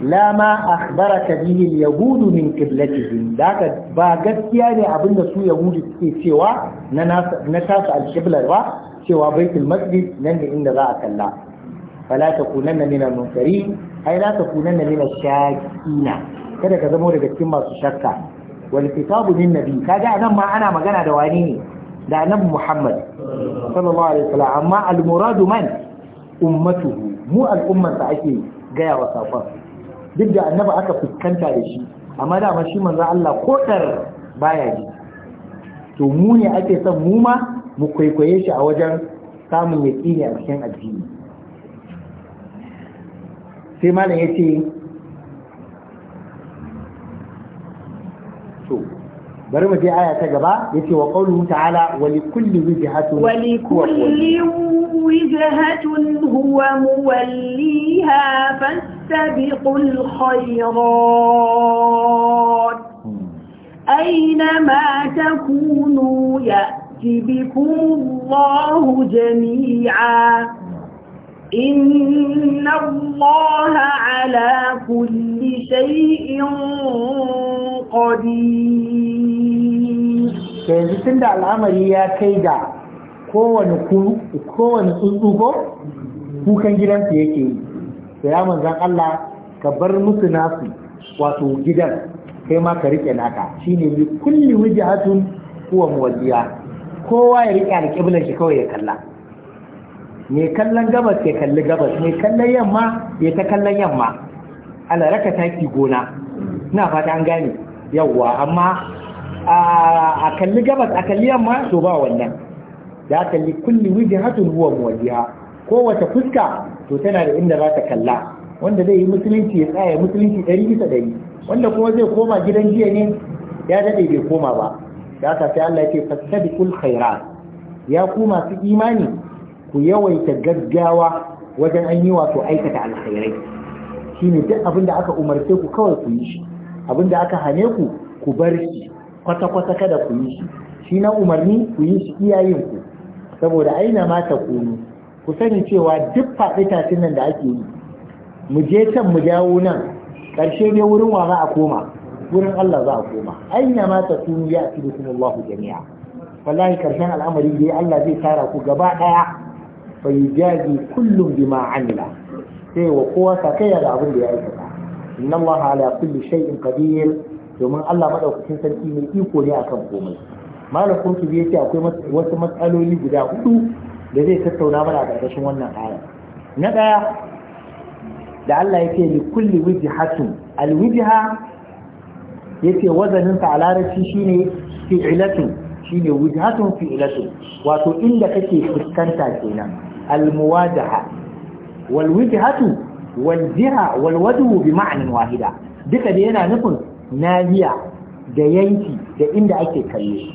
Lama ma akhbaraka bihi yahudu min qiblatihim daga ba gaskiya ne abinda su yahudu suke cewa na na tasu al-qibla ba cewa baitul masjid nan ne inda za a kalla fala takunanna min al-munkari ai la takunanna min ash-shakina kada ka zama daga cikin masu shakka wal kitabu min nabi kaga anan ma ana magana da wani ne da annabi Muhammad sallallahu alaihi wasallam amma al-muradu man ummatuhu mu al ake gaya wa safan duk da annaba aka fuskanta da shi amma dama shi manzo Allah ko baya ji to mu ne ake son mu ma mu kwaikwaye shi a wajen samun yaƙini a cikin addini sai malam ya ce to bari mu je aya ta gaba yace wa qawluhu ta'ala wa li kulli wijhatin wa li kulli wijhatin huwa muwalliha fastabiqul khayrat aina ma takunu ya'ti bikum Allahu jami'a إن الله على كل شيء قدير yanzu tun da al'amari ya kai da kowane tsuntsu ko kukan gidansu yake yi da ya manzan Allah ka bar musu nasu wato gidan kai ma ka rike naka shine bi kulli wijhatun huwa muwajjiha kowa ya rike alƙiblar shi kawai ya kalla mai kallon gabas ya kalli gabas mai kallon yamma ya ta kallon yamma ana raka taki gona na fata an gane yawwa amma a kalli gabas a kalli yamma to ba wannan ya kalli kulli wajhatun huwa muwajjiha kowace fuska to tana da inda za ta kalla wanda zai yi musulunci ya tsaya musulunci ɗari bisa ɗari wanda kuma zai koma gidan jiya ne ya daɗe bai koma ba Ya haka sai Allah ya ce fastabiqul khairat ya ku masu imani ku yawaita gaggawa wajen an yi wato aikata alkhairai shine duk abin da aka umarce ku kawai ku yi shi abin da aka hane ku ku bar shi kwata-kwata kada ku yi shi shi na umarni ku yi shi iyayen ku saboda aina ma ta kunu ku sani cewa duk faɗi tashin nan da ake yi mu je can mu dawo nan ƙarshe ne wurin wa za a koma wurin Allah za a koma aina ma ta kunu ya asibikum Allahu jami'a wallahi karshen al'amari dai Allah zai tara ku gaba ɗaya fa kullum bi amila sai wa kowa sakayya da abin da ya aikata inna allaha ala kulli shay'in qadir domin Allah madaukakin sarki mai iko ne akan komai malam kurtubi yace akwai wasu matsaloli guda hudu da zai tattauna mana a ƙarƙashin wannan aya na ɗaya da Allah yake li kulli wijhatun al wijha yace wazanin sa a shine fi'latun shine wijhatun fi'latun wato inda kake fuskanta kenan almuwadaha wal wijhatu wal jiha wal ma'anin wahida duka da yana nufin nahiya da yanki da inda ake kalle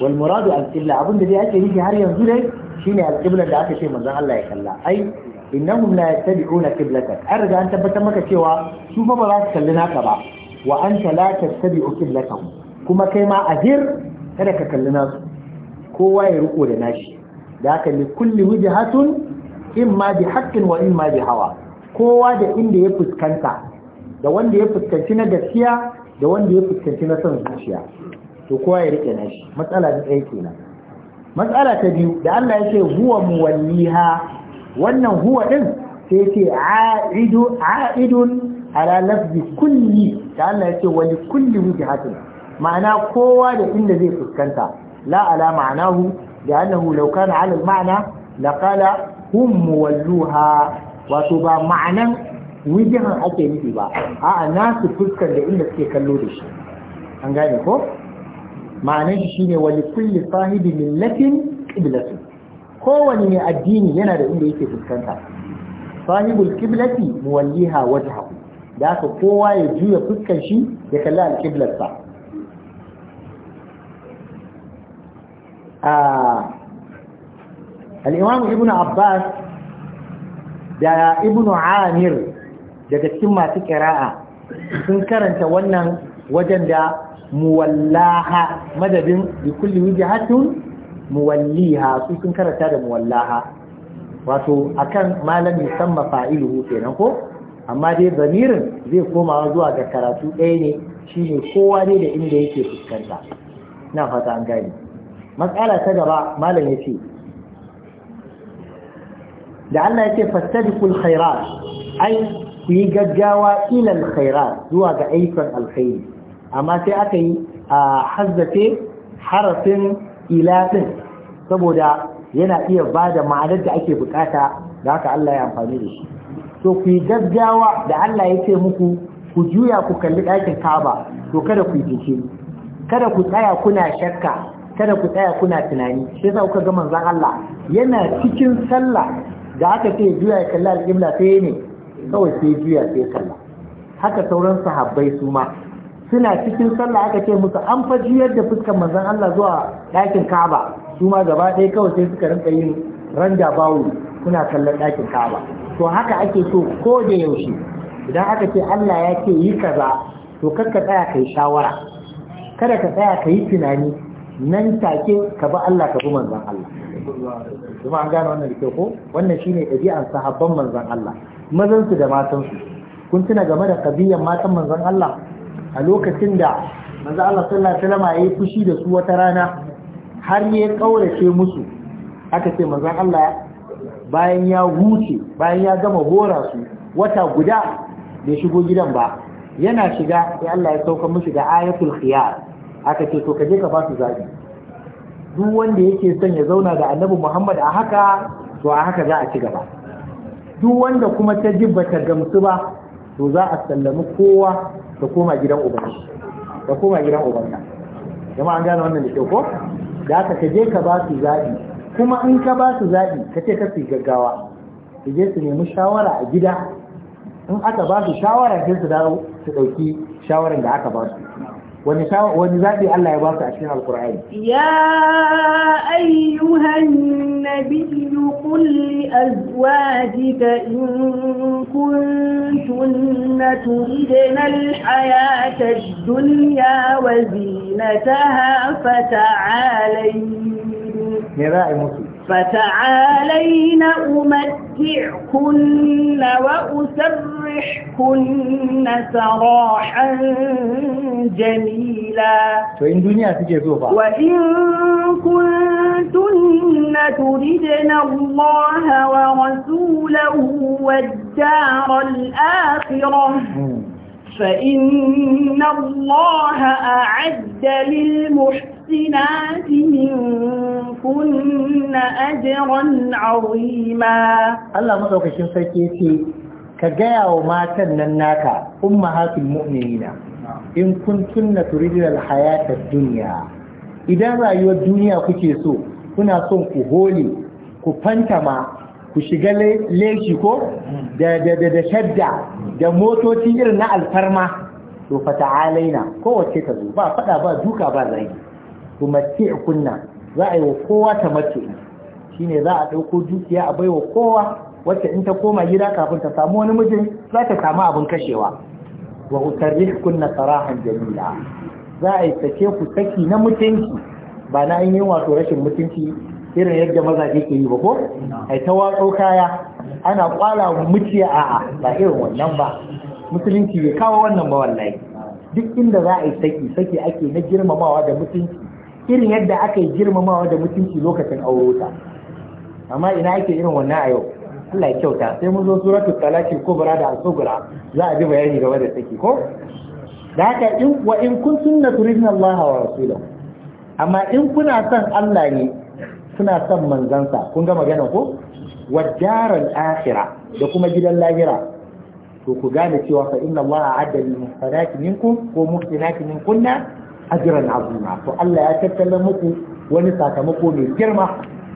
wal muradu al-qibla abinda dai ake nufi har yanzu dai shine al-qibla da aka ce manzon Allah ya kalla ai inna humna innahum la yattabi'una qiblatak an riga an tabbatar maka cewa su ba za su kalli naka ba wa anta la tattabi'u qiblatahum kuma kai ma azir kada ka kalli nasu kowa ya riko da nashi da haka li kulli in ma bi haƙƙin wa in ma bi hawa kowa da inda ya fuskanta da wanda ya fuskanci na gaskiya da wanda ya fuskanci na son zuciya to kowa ya rike na shi matsala ta ɗaya kenan matsala ta biyu da Allah ya ce huwa muwalliha wannan huwa din sai ce a'idu a'idun ala lafzi kulli da Allah ya ce wani kulli wujhatin ma'ana kowa da inda zai fuskanta la ala ma'anahu لأنه لو كان على المعنى لقال هم مولوها وتبا معنى وجها أكي نفي با آه الناس تذكر لإن كي كلو دش أنجاني shi معنى شيني ولكل صاحب ملة قبلة kowane mai addini yana da inda yake fuskanta sahibul kiblati muwalliha wajhahu da haka kowa ya juya fuskar shi ya kalli alkiblarsa al'imamu ibn abbas da ibn amir daga cikin masu kira'a sun karanta wannan wajen da muwallaha madadin da kulli wujahatun muwalliha su sun karanta da muwallaha wato akan malam musamman fa'iluhu kenan ko amma dai zamirin zai komawa zuwa ga karatu ɗaya ne shine kowa ne da inda yake fuskanta na fata an gani matsala ta gaba malam ya ce da Allah ya ce fastabiqul khairat ai ku yi gaggawa ilal khairat zuwa ga aikin alkhairi amma sai aka yi a harafin ilatin saboda yana iya ba da ma'anar da ake bukata da haka Allah ya amfani da shi to ku yi gaggawa da Allah ya ce muku ku juya ku kalli ɗakin kaba, to kada ku yi kada ku tsaya kuna shakka kada ku tsaya kuna tunani shi yasa kuka ga manzon Allah yana cikin sallah da aka ce juya ya kalla qibla sai ne kawai sai juya sai kalla haka sauran sahabbai su ma suna cikin sallah aka ce musu an fa juyar da fuskar manzon Allah zuwa ɗakin Ka'aba su ma gaba ɗaya kawai sai suka rinka yin randa bawu kuna kallon ɗakin Ka'aba to haka ake so ko da yaushe idan aka ce Allah ya ce yi kaza to ka tsaya kai shawara kada ka tsaya kai tunani nan take ka bi Allah ka bi manzan Allah kuma an gane wannan da ko wannan shine ɗabi'an sahabban manzan Allah mazan su da matan su kun tuna game da kabiyan matan manzan Allah a lokacin da manzan Allah sallallahu alaihi wasallam yayi fushi da su wata rana har ya kaurace musu aka ce manzan Allah bayan ya huce bayan ya gama hora su wata guda bai shigo gidan ba yana shiga sai Allah ya sauka musu da ayatul khiyar aka ce to kaje ka ba su zaɓi duk wanda yake son ya zauna da annabi muhammad a haka to a haka za a ci gaba duk wanda kuma ta ji bata gamsu ba to za a sallami kowa ta koma gidan ubanshi ta koma gidan ubanka jama'a an gane wannan da kyau ko da aka kaje ka ba su zaɓi kuma in ka ba su zaɓi ka ce ka su gaggawa su je su nemi shawara a gida in aka ba su shawara sai su dawo su ɗauki shawaran da aka ba su wani wani Allah ya ba su a cikin Alƙur'ani? ya ayyuhan nabiyyu qul li azwajika in kuntunna turidna alhayata ad-dunya wa zinataha fata'alayn me za a yi musu فتعالين أمتعكن وأسرحكن سراحا جميلا وإن كنتن تردن الله ورسوله والدار الآخرة فإن الله أعد للمحسنات منكن أجرا عظيما الله مدوك شمسكيتي كجايا وماتا لناك أمهات المؤمنين إن كنتن تريدن الحياة الدنيا إذا رأيوا الدنيا كتيسو كنا صنف هولي ku fantama ku shiga leshi ko da shadda da motoci irin na alfarma to fata alaina kowace ta zo ba fada ba duka ba zagi ku ce kunna za a yi wa kowa ta mace shine za a ɗauko dukiya a baiwa kowa wacce in ta koma gida kafin ta samu wani mijin za ta samu abin kashewa wa utarrih kunna sarahan jamila za a yi sake ku saki na mutunci ba na an yi wato rashin mutunci irin yadda mazaje ke yi ba ko ai ta watso kaya ana kwala muciya a a ba irin wannan ba musulunci bai kawo wannan ba wallahi duk inda za a yi saki saki ake na girmamawa da mutunci irin yadda aka yi girmamawa da mutunci lokacin aurota amma ina ake irin wannan a yau Allah ya kyauta sai mun zo suratul talaki bara da asugura za a ji bayani game da saki ko da haka in wa in kuntum turidna Allah wa rasulahu amma in kuna son Allah ne suna son manzansa kun ga magana ko wajjaran akhira da kuma gidan lahira to ku gane cewa fa inna allaha adda lil muhsanati minkum ko muhsinati minkunna ajran azima to Allah ya tattala muku wani sakamako mai girma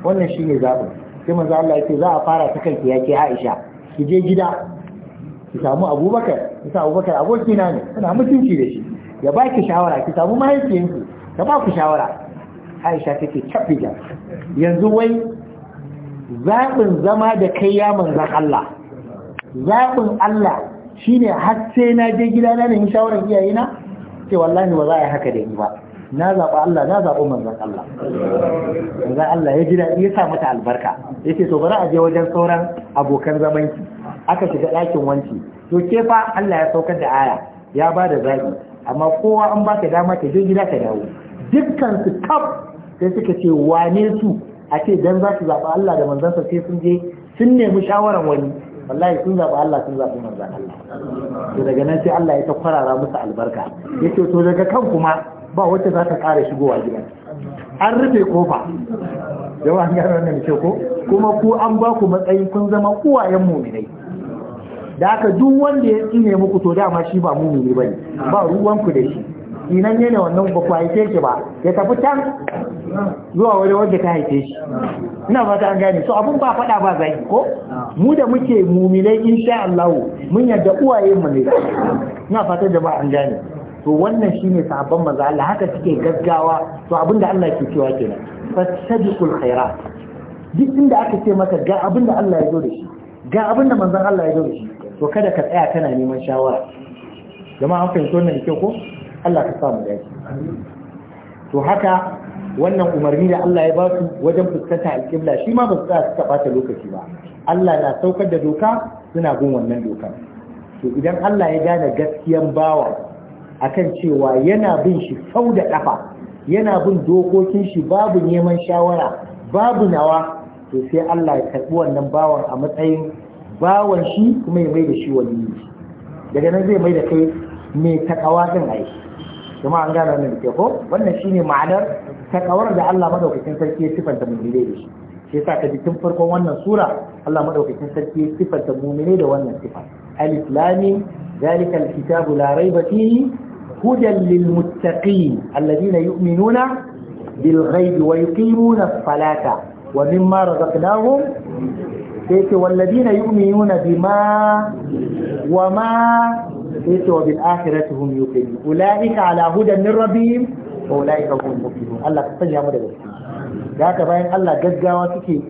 wannan shine zaɓin sai manzo Allah yake za a fara ta kanki yake Aisha ki je gida ki samu Abubakar ki samu Abubakar abokina ne suna mutunci da shi ya baki shawara ki samu mahaifiyarki ta ba ku shawara aisha take cafiya yanzu wai zaɓin zama da kai ya manzan Allah zaɓin Allah shine har sai na je gidana na yi shawarar iyayena ce wallahi ba za a yi haka da ni ba na zaɓa Allah na zaɓo manzan Allah manzan Allah ya ji daɗi ya sa mata albarka ya ce to bari a je wajen sauran abokan zamanki aka shiga ɗakin wanki to ke fa Allah ya saukar da aya ya ba da zaɓi amma kowa an ba ka dama ta je gida ka dawo dukkan su kaf sai suka ce wane su a ce dan za su zaɓi Allah da manzansa sai sun je sun nemi shawaran wani wallahi sun zaɓi Allah sun zaɓi manzan Allah to daga nan sai Allah ya ta kwarara musu albarka ya ce to daga kan kuma ba wacce za ta ƙara shigowa gidan an rufe kofa yawa an gano wannan ke ko kuma ku an ba ku matsayi kun zama uwayen muminai da aka duk wanda ya tsine muku to dama shi ba mumini bane ba ruwan ku da shi sinan ne wannan ba ku haife shi ba ya tafi can zuwa wani wanda ka haife shi ina fata an gane so abun ba faɗa ba zai ko mu da muke muminai sha Allah mun yadda uwaye mu ne ina fata da ba an gane to wannan shine sabon manzo Allah haka suke gaggawa to abin da Allah ke cewa kenan fasadiqul khairat duk inda aka ce maka ga abin da Allah ya zo da shi ga abin da manzon Allah ya zo da shi to kada ka tsaya kana neman shawara jama'a an fahimci wannan da ko Allah ka samu dace to haka wannan umarni da Allah ya ba su wajen fuskanta alƙibla shi ma ba su tsaya suka bata lokaci ba Allah na saukar da doka suna bin wannan dokar to idan Allah ya gane gaskiyan bawa akan cewa yana bin shi sau da ƙafa yana bin dokokin shi babu neman shawara babu nawa to sai Allah ya karɓi wannan bawan a matsayin bawan shi kuma ya mai da shi wani daga nan zai mai da kai mai takawa ɗin aiki kuma an gane wannan da ko wannan shine ma'anar takawar da Allah madaukakin sarki ya sifanta mu'minai da shi shi yasa ka tun farkon wannan sura Allah madaukakin sarki ya da mu'minai da wannan sifa alif lam zalika alkitabu la raiba fihi hudan lil muttaqin alladhina yu'minuna bil ghaibi wa yuqimuna as-salata wa mimma razaqnahum sai ce walladina yu'minuna bima wa ma الخير وبالآخرة هم يوقنون أولئك على هدى من ربهم وأولئك هم المؤمنون الله تطلع مدى ذلك باين الله جزا وسكي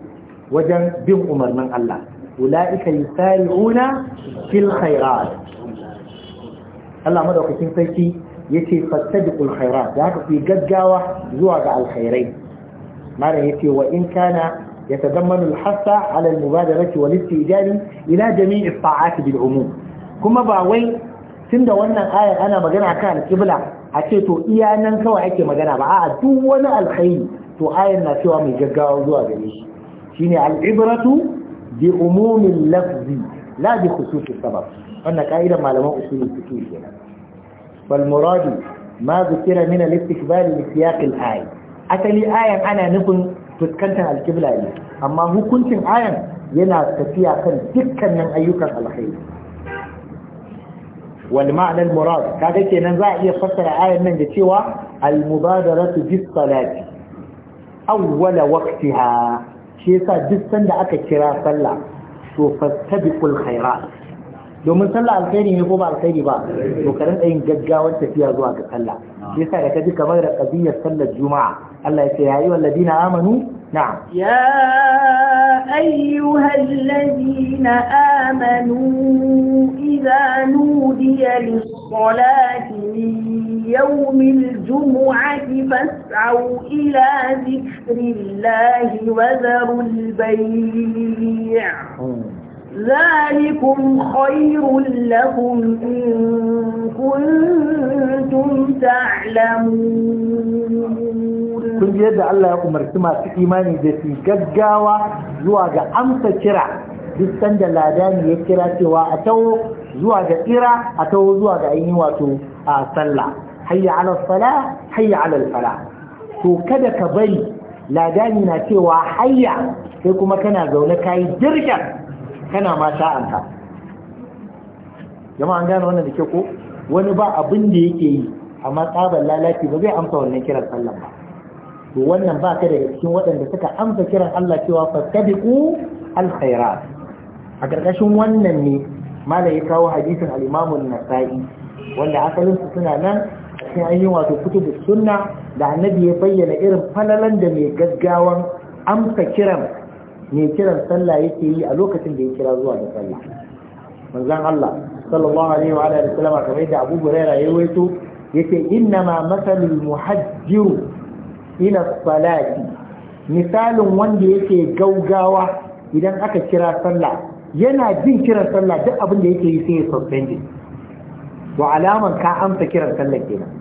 وجن بن أمر من الله أولئك يسارعون في الخيرات الله مدى وكتين فيكي يتي فتدق الخيرات ذلك في جزا وزوغ الخيرين ما يتي وإن كان يتضمن الحث على المبادرة والاستئجار إلى جميع الطاعات بالعموم كما باوين tunda wannan ayar ana magana akan alƙibla a ce to iya nan kawai ake magana ba a'a duk wani alkhairi to ayar na cewa mai gaggawa zuwa gare shi shine al'ibratu bi umumin lafzi la bi khususi sabab wannan ka'idar malaman usulul fiqh kenan wal muradu ma zikira min al-istiqbal li siyaq al-ayah asali ayan ana nufin fuskantar alkibla ne amma hukuncin ayan yana tafiya kan dukkanin ayyukan alkhairi wal ma'anar murad kaga kenan za a iya fassara ayan nan da cewa al-mubadaratu bis salati awwala waqtiha shi yasa duk sanda aka kira sallah to fastabiqul khairat domin sallah alkhairi ne ko ba alkhairi ba to ka rinka yin gaggawar tafiya zuwa ga sallah shi yasa da kaji kamar da qadiyar sallar juma'a Allah ya ce ya ayyuhal ladina amanu na'am ya أيها الذين آمنوا إذا نودي للصلاة من يوم الجمعة فاسعوا إلى ذكر الله وذروا البيع ذلكم خير لكم إن كنتم تعلمون كن يدعى الله يقوم مرسما في إيماني ذاتي قدقاوة زواج أمس كرع بالسند الأداني يكرا سوا أتو زواج إرا أتو زواج أيني واتو صلى حي على الصلاة حي على الفلاح to kada ka bari ladani na cewa hayya sai kuma kana zaune kayi jirgin kana ma sha'anka jama'a an gane wannan da ke ko wani ba abin da yake yi amma tsabar lalaci ba zai amsa wannan kiran sallah ba to wannan ba ka daga cikin waɗanda suka amsa kiran Allah cewa fastabiqu alkhairat a ƙarƙashin wannan ne malai ya kawo hadisin al-Imam an-Nasa'i wanda asalin su suna nan cikin ayyukan wato kutubu sunna da annabi ya bayyana irin falalan da mai gaggawan amsa kiran Me kiran sallah yake yi a lokacin da ya kira zuwa da sallah manzon Allah sallallahu alaihi wa alihi wasallam kamar da Abu Hurairah ya rawaito yace inna ma masalul muhajjiru ila salati misalin wanda yake gaugawa idan aka kira sallah yana jin kiran sallah duk abin da yake yi sai ya suspend wa alaman ka amsa kiran sallah kenan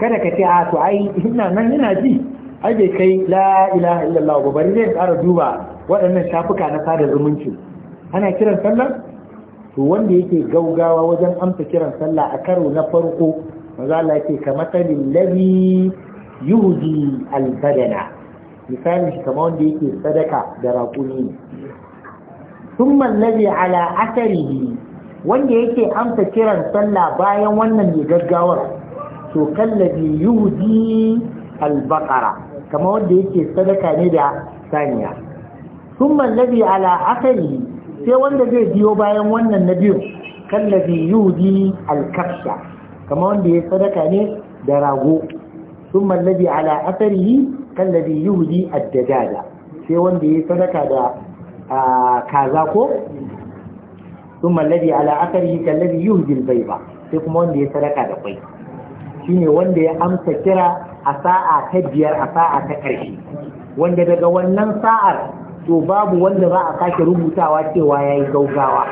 kada ka ce a to ai ina nan ina ji ai kai la ilaha illallah ba bari zai ƙara duba waɗannan shafuka na sada zumunci ana kiran sallah to wanda yake gaugawa wajen amsa kiran sallah a karo na farko maza Allah yake kamar salin labi yuhudi albadana misali shi kamar wanda yake sadaka da raƙumi summa labi ala asarihi wanda yake amsa kiran sallah bayan wannan mai gaggawar to kallabi yuhudi Albakara kama wanda yake sadaka ne da saniya thumma alladhi ala athari sai wanda zai biyo bayan wannan na biyu kallazi yudi alkafsha kama wanda ya sadaka ne da rago thumma alladhi ala athari kallazi yudi addajada sai wanda ya sadaka da kaza ko thumma alladhi ala athari kallazi yudi albayba sai kuma wanda ya sadaka da kwai shine wanda ya amsa kira a sa'a ta biyar a sa'a ta ƙarshe wanda daga wannan sa'ar to babu wanda za a sake rubutawa cewa ya yi gaugawa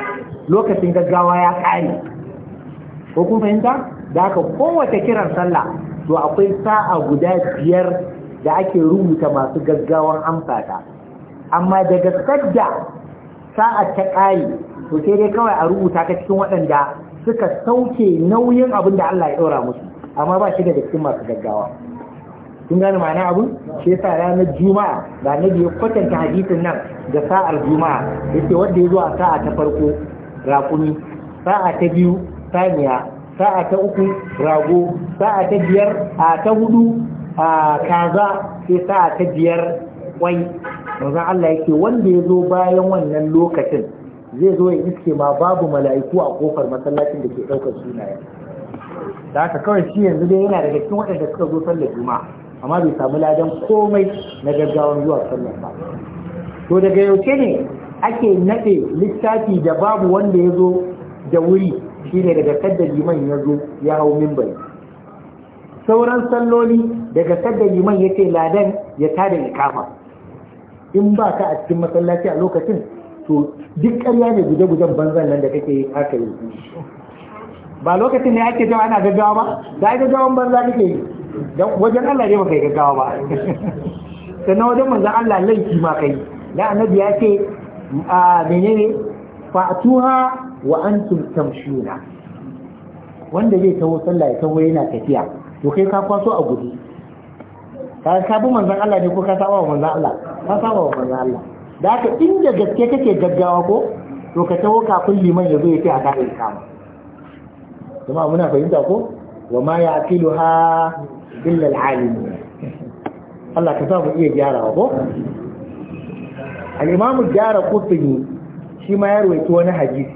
lokacin gaggawa ya ƙare ko kuma yanta da aka kowace kiran sallah to akwai sa'a guda biyar da ake rubuta masu gaggawan amsa ta amma daga sadda sa'a ta ƙare to sai dai kawai a rubuta ta cikin waɗanda suka sauke nauyin abin da Allah ya ɗora musu amma ba shi daga cikin masu gaggawa kun gane ma'ana abun shi yasa ranar juma'a da annabi ya kwatanta hadisin nan da sa'ar juma'a yace wanda ya zo a sa'a ta farko raƙumi sa'a ta biyu saniya sa'a ta uku rago sa'a ta biyar a ta hudu a kaza sai sa'a ta biyar kwai manzon Allah yake wanda ya zo bayan wannan lokacin zai zo ya iske ma babu mala'iku a kofar masallacin da ke ɗaukar sunaye da haka kawai shi yanzu dai yana daga cikin waɗanda suka zo sallar juma'a amma bai samu ladan komai na gaggawan zuwa sallar ba to daga yaushe ne ake nade littafi da babu wanda ya zo da wuri shine daga kadda liman ya zo ya hau mimbari sauran salloli daga kadda liman ya ce ladan ya tada ikama in ba ka a cikin masallaci a lokacin to duk ƙarya ne guje-gujen banzan nan da kake haka yi ba lokacin ne ake jawa ana gaggawa ba da gaggawan banza kake yi wajen Allah ne baka yi gaggawa ba sannan wajen manzon Allah laifi ma kai da annabi ya ce a menene fa'tuha wa antum tamshuna wanda zai taho sallah ya tawo yana tafiya to kai ka kwaso a gudu ka ka bi Allah ne ko ka saba wa manzan Allah ka saba wa manzan Allah da haka inda gaske kake gaggawa ko to ka taho kafin liman ya zo ya ce a kare kama jama'a muna fahimta ko wa ma ya aqiluha illa al'alimi Allah ka samu iya gyarawa ko al'imamu gyara kufin shi ma ya rawaito wani hadisi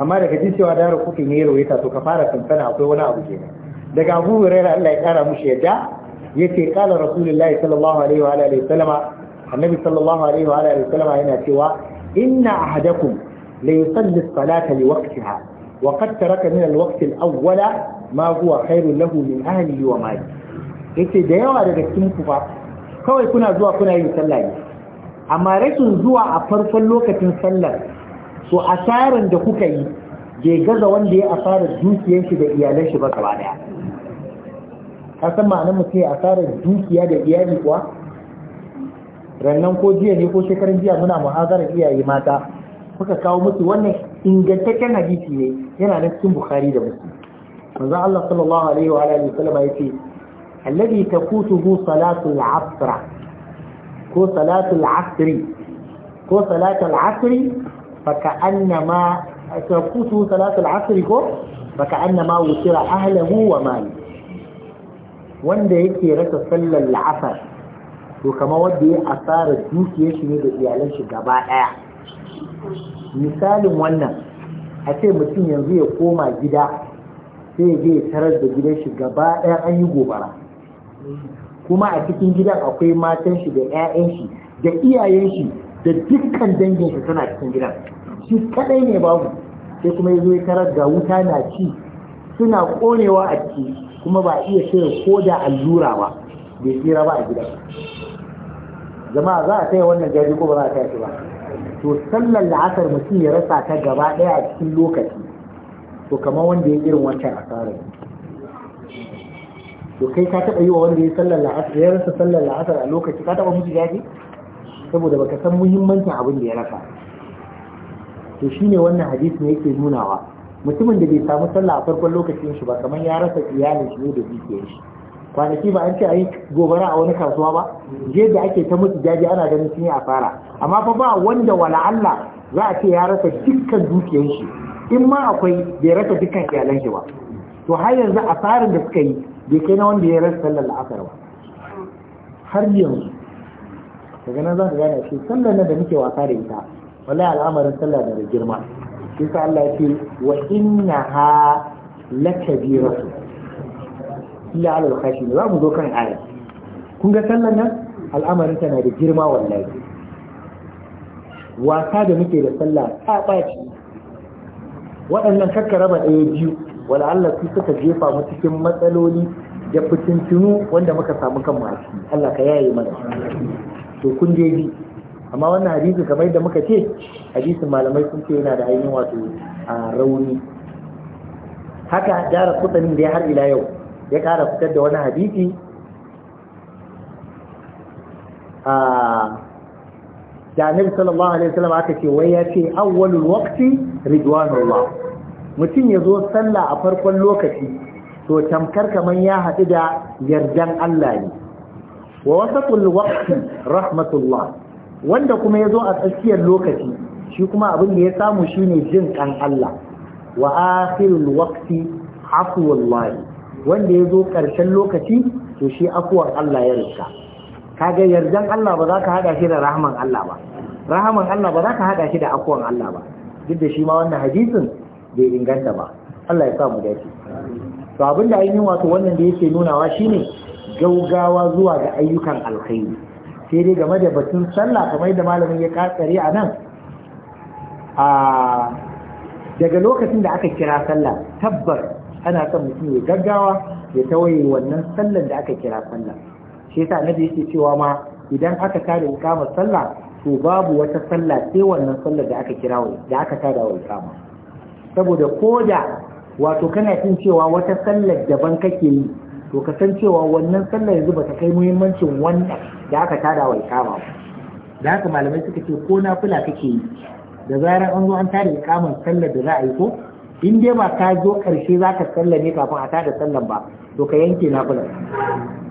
amma daga ji cewa gyara kufin ya rawaita to ka fara tantana akwai wani abu kenan daga Abu raira Allah ya kara mushi Ya ce kala Rasulullahi sallallahu alaihi wa alihi wasallama annabi sallallahu alaihi wa alihi wasallama yana cewa inna ahadakum la yusalli as-salata li waqtiha وقد ترك من الوقت الأول ما هو خير له من wa وماله yace da yawa daga cikin ku ba kawai kuna zuwa kuna yin sallah ne amma rashin zuwa a farkon lokacin sallar su asaran da kuka yi bai gaza wanda ya asara dukiyar shi da iyalan shi ba gaba daya ka san ma'anar mutum asara dukiya da iyali kuwa rannan ko jiya ne ko shekarun jiya muna muhazarar iyaye mata kuka kawo musu wannan ingantaccen hadisi ne yana na cikin bukhari da muslim manzo Allah sallallahu alaihi wa alihi wasallam yace alladhi taqutuhu salatul asr ko salatul asr ko salatul asr fa ka'annama taqutuhu salatul asr mali wanda yake rasa sallar la'asar to kama wanda ya asara dukiyar shi ne da iyalanshi gabaɗaya. misalin wannan a ce mutum yanzu ya koma gida sai ya je tarar da gidan shi gaba ɗaya an yi gobara kuma a cikin gidan akwai matan shi da 'ya'yan shi da iyayen shi da dukkan dangin shi suna cikin gidan shi kadai ne babu sai kuma ya ya tarar ga wuta na ci suna konewa a ciki kuma ba iya shirya ko da allura ba bai tsira ba a gidan jama'a za a taya wannan jaji ko ba za a taya shi ba to sallar la'asar mutum ya rasa ta gaba ɗaya a cikin lokaci to kamar wanda ya irin wancan asarar to kai ka taɓa yi wa wanda ya sallar la'asar ya rasa sallar la'asar a lokaci ka taɓa mishi yaji saboda baka san muhimmancin abin da ya rasa to shine wannan hadisin yake nunawa mutumin da bai samu sallah a farkon lokacin shi ba kamar ya rasa iyalin shi ne da dukiyar shi kwanaki ba an ce a yi gobara a wani kasuwa ba je da ake ta mutu jaji ana ganin sun yi asara amma fa ba wanda wala Allah za a ce ya rasa dukkan dukiyar shi in ma akwai bai rasa dukkan iyalan shi ba to har yanzu tsarin da suka yi bai kai na wanda ya rasa sallar la'asar ba har yanzu daga nan za ka gane shi sallar nan da muke wasa da ita wallahi al'amarin sallar da girma shi sa Allah ya ce wa innaha lakabiratu illa ala al-khashin za mu zo kan aya kun ga sallar nan al'amarin tana da girma wallahi wasa da muke da sallah ta ɓaci waɗannan kakka raba ɗaya biyu wala Allah su suka jefa mu cikin matsaloli da fitintunu wanda muka samu kan masu Allah ka yaye mana to kun je bi amma wannan hadisi kamar yadda muka ce hadisin malamai sun ce yana da ainihin wato a rauni haka gyara kutsanin da ya har ila yau ya kara fitar da wani hadisi a da annabi sallallahu alaihi wasallam aka ce wai ya ce awwalul waqti ridwanullah mutum ya zo sallah a farkon lokaci to tamkar kamar ya haɗu da yardan Allah ne wa wasatul waqti rahmatullah wanda kuma ya zo a tsakiyar lokaci shi kuma abin da ya samu shine jin kan Allah wa akhirul waqti afwallahi wanda ya zo ƙarshen lokaci to shi afuwar Allah ya rika kaga yardan Allah ba za ka hada shi da rahman Allah ba rahman Allah ba za ka hada shi da afuwan Allah ba duk da shi ma wannan hadisin bai inganta ba Allah ya sa mu dace to abin da ainihin wato wannan da yake nunawa shine gaugawa zuwa ga ayyukan alkhairi sai dai game da batun sallah kamar yadda malamin ya katsare a nan a daga lokacin da aka kira sallah tabbar ana son mutum ya gaggawa ya tawaye wannan sallar da aka kira sallah shi yasa annabi yake cewa ma idan aka tada ikamar sallah to babu wata sallah sai wannan sallar da aka kira da aka tada wa ikama saboda ko da wato kana cin cewa wata sallar daban kake yi to ka san cewa wannan sallar yanzu ba ta kai muhimmancin wannan da aka tada wa ikama ba da haka malamai suka ce ko fula kake yi da zarar an zo an tada ikaman sallar da za a yi ko in dai ba ka zo karshe za ka ne kafin a tada sallar ba to ka yanke fula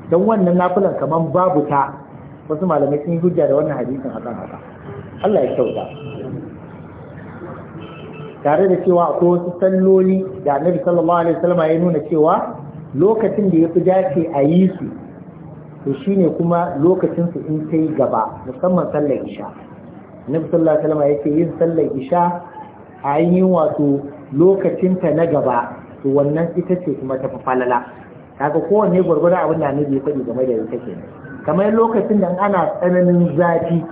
don wannan fula kamar babu ta wasu malamai sun yi hujja da wannan hadisin akan haka Allah ya kyauta tare da cewa akwai wasu salloli da annabi sallallahu alaihi wasallam ya nuna cewa lokacin da ya dace a yi su to shine kuma lokacin su in sai gaba musamman sallar isha annabi sallallahu alaihi wasallam yake yin sallar isha a yin wato lokacin ta na gaba to wannan ita ce kuma ta falala kaga kowanne gurgura abin da annabi ya faɗi game da ita kenan kamar lokacin da ana tsananin zafi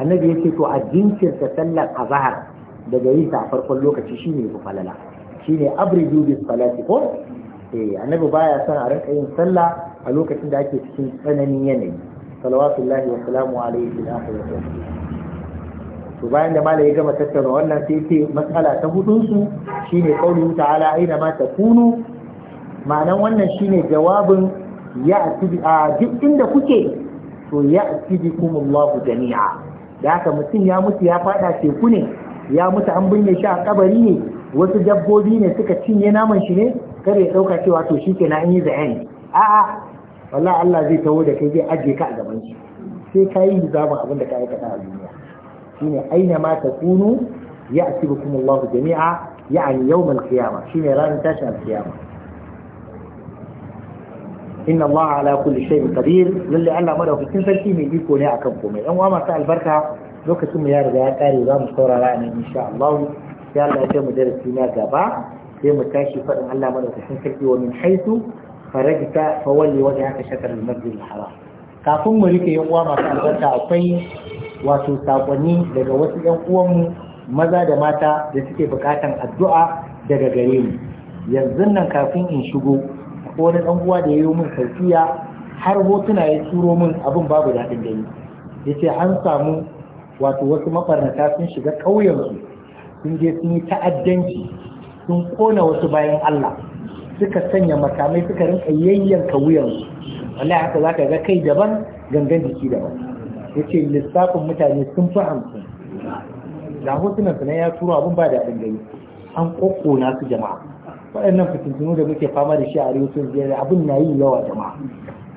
annabi yake to a jinkirta sallar azhar daga yi ta a farkon lokaci shi ne falala shi ne abridu bis salati ko eh annabi baya son a rinka yin sallah a lokacin da ake cikin tsananin yanayi salawatullahi wa salamu alaihi fil akhirati to bayan da malai ya gama tattauna wannan sai ce matsala ta hudun su shine qaulu ta'ala aina ma takunu ma'anan wannan shine jawabin ya atibi a duk inda kuke to ya atibi kumullahu jami'a da haka mutum ya mutu ya fada teku ne ya mutu an binne shi a kabari ne wasu dabbobi ne suka cinye naman shi ne kada ya dauka cewa to shi ke na an yi zayani a'a wallahi Allah zai taho da kai zai ajiye ka a gaban shi sai ka yi zaɓin abin da ka aikata a duniya shine aina ma ta kunu ya asibukum Allah jami'a ya'ani yawmal qiyama shine ranar tashin alqiyama inna Allah ala kulli shay'in qadir lalle Allah madaukakin sarki mai iko ne akan komai yan uwa masu albarka lokacin mu ya riga ya kare za mu saurara a nan insha Allah sai Allah ya mu darasi na gaba sai mu tashi faɗin Allah madaukakin sarki wa min haitu farajta fawalli wani haka shakar al-masjid al-haram kafin mu rike yan uwa masu albarka akwai wato sakonni daga wasu yan uwanmu maza da mata da suke bukatan addu'a daga gare mu yanzu nan kafin in shigo ko wani dan uwa da ya yi min har hotuna ya turo mun abin babu daɗin gani ya ce an samu wato wasu mafarnata sun shiga ƙauyensu sun je sun yi ta'addanci sun kona wasu bayan Allah suka sanya makamai suka rinka yayyanka wuyansu wallahi haka za ka ga kai daban gangan jiki daban ya ce lissafin mutane sun fi hamsin da hotunan su na ya turo abin ba da gani an kokona su jama'a waɗannan fitintunu da muke fama da shi a arewacin jiyar abin na yi yawa jama'a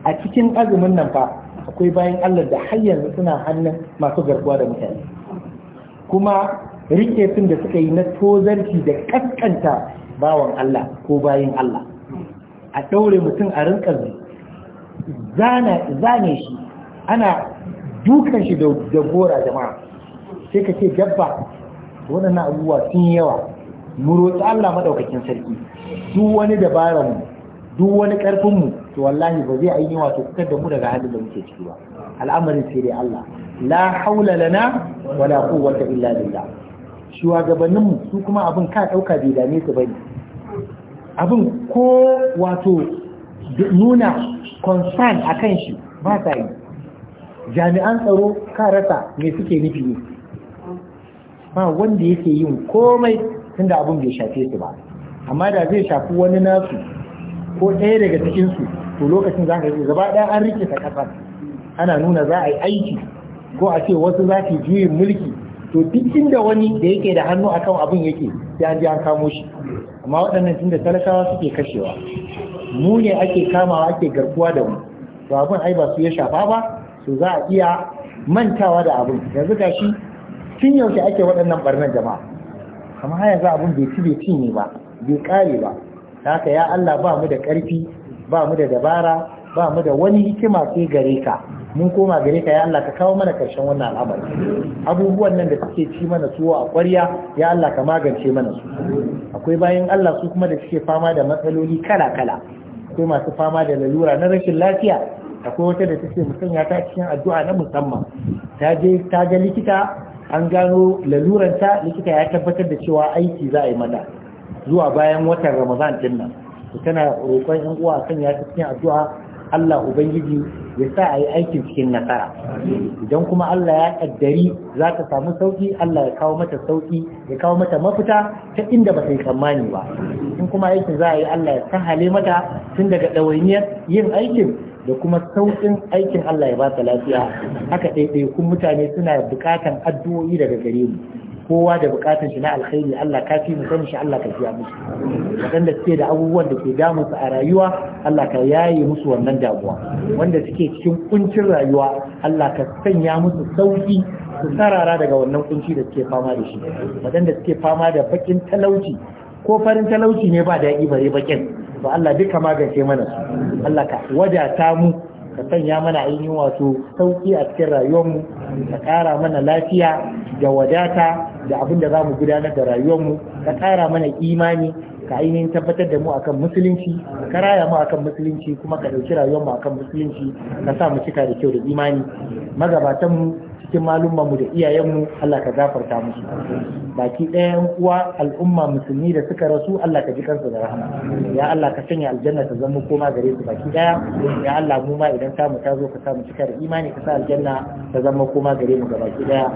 a cikin azumin nan fa akwai bayan Allah da har yanzu suna hannun masu garkuwa da mutane kuma rike sun da suka yi na tozarci da kaskanta bawan Allah ko bayan Allah a ɗaure mutum a rinka zane shi ana dukan shi da jagora jama'a sai ka ce dabba waɗannan abubuwa sun yawa mu roƙi Allah maɗaukakin sarki duk wani dabaran mu duk wani karfin mu to wallahi ba zai aini wato fitar da mu daga halin da muke ciki ba al'amarin sai dai Allah la haula lana wala quwwata illa billah shugabannin mu su kuma abin ka dauka bai dame su bane abin ko wato nuna concern akan shi ba sa yi jami'an tsaro ka rasa me suke nufi ne ba wanda yake yin komai tunda abin bai shafe su ba amma da zai shafi wani nasu ko ɗaya daga cikinsu to lokacin za ka yi gaba ɗaya an rike ta ƙasa ana nuna za a yi aiki ko a ce wasu za su juyin mulki to duk inda wani da yake da hannu a kan abin yake sai an ji an kamo shi amma waɗannan tunda talakawa suke kashewa mu ne ake kamawa ake garkuwa da mu to abin ai ba su ya shafa ba to za a iya mantawa da abin yanzu ga shi tun yaushe ake waɗannan barnan jama'a amma haya za abin bai ci bai ci ne ba bai kare ba haka ya Allah ba mu da ƙarfi ba mu da dabara ba mu da wani hikima sai gare ka mun koma gare ka ya Allah ka kawo mana ƙarshen wannan al'amari abubuwan nan da suke ci mana tuwo a ƙwarya ya Allah ka magance mana su akwai bayan Allah su kuma da suke fama da matsaloli kala kala akwai masu fama da lalura na rashin lafiya akwai wata da take ya ta cikin addu'a na musamman ta je ta ga likita an gano laluranta likita ya tabbatar da cewa aiki za a yi mata zuwa bayan watan ramadan din nan to tana roƙon yan uwa kan ya cikin addu'a Allah ubangiji ya sa a yi aikin cikin nasara idan kuma Allah ya kaddari za ta samu sauki Allah ya kawo mata sauki ya kawo mata mafita ta inda ba ta yi tsammani ba in kuma aikin za a yi Allah ya sahale mata tun daga ɗawainiyar yin aikin da kuma sauƙin aikin Allah ya ba ta lafiya haka ɗaiɗaikun mutane suna buƙatan addu'o'i daga gare mu kowa da bukatun shi na alkhairi Allah ka fi musan shi Allah ka fiya musu waɗanda suke da abubuwan da ke su a rayuwa Allah ka yaye musu wannan damuwa wanda suke cikin kuncin rayuwa Allah ka sanya musu sauki su sarara daga wannan kunci da suke fama da shi waɗanda suke fama da bakin talauci ko farin talauci ne ba da daɗi bare bakin to Allah duka magance mana su Allah ka wadata mu ka sanya mana ainihin wato sauki a cikin rayuwarmu ka ƙara mana lafiya da wadata da abin da za mu gudanar da rayuwar mu, ka ƙara mana imani ka ainihin tabbatar da mu akan musulunci ka raya mu akan musulunci kuma ka ɗauki mu akan musulunci ka sa mu cika da kyau da imani magabatan mu cikin malumanmu da iyayenmu Allah ka gafarta musu baki ɗayan uwa al'umma musulmi da suka rasu Allah ka ji kansu da rahama ya Allah ka sanya aljanna ta zama koma gare su baki ɗaya ya Allah mu ma idan samu ta zo ka samu cikar imani ka sa aljanna ta zama koma gare mu gabaki ɗaya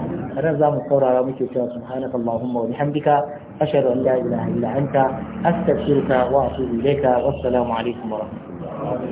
ran za mu saurara muke cewa subhanaka allahumma wa bihamdika ashhadu an la ilaha illa anta astaghfiruka wa atubu ilayka wassalamu alaikum wa rahmatullah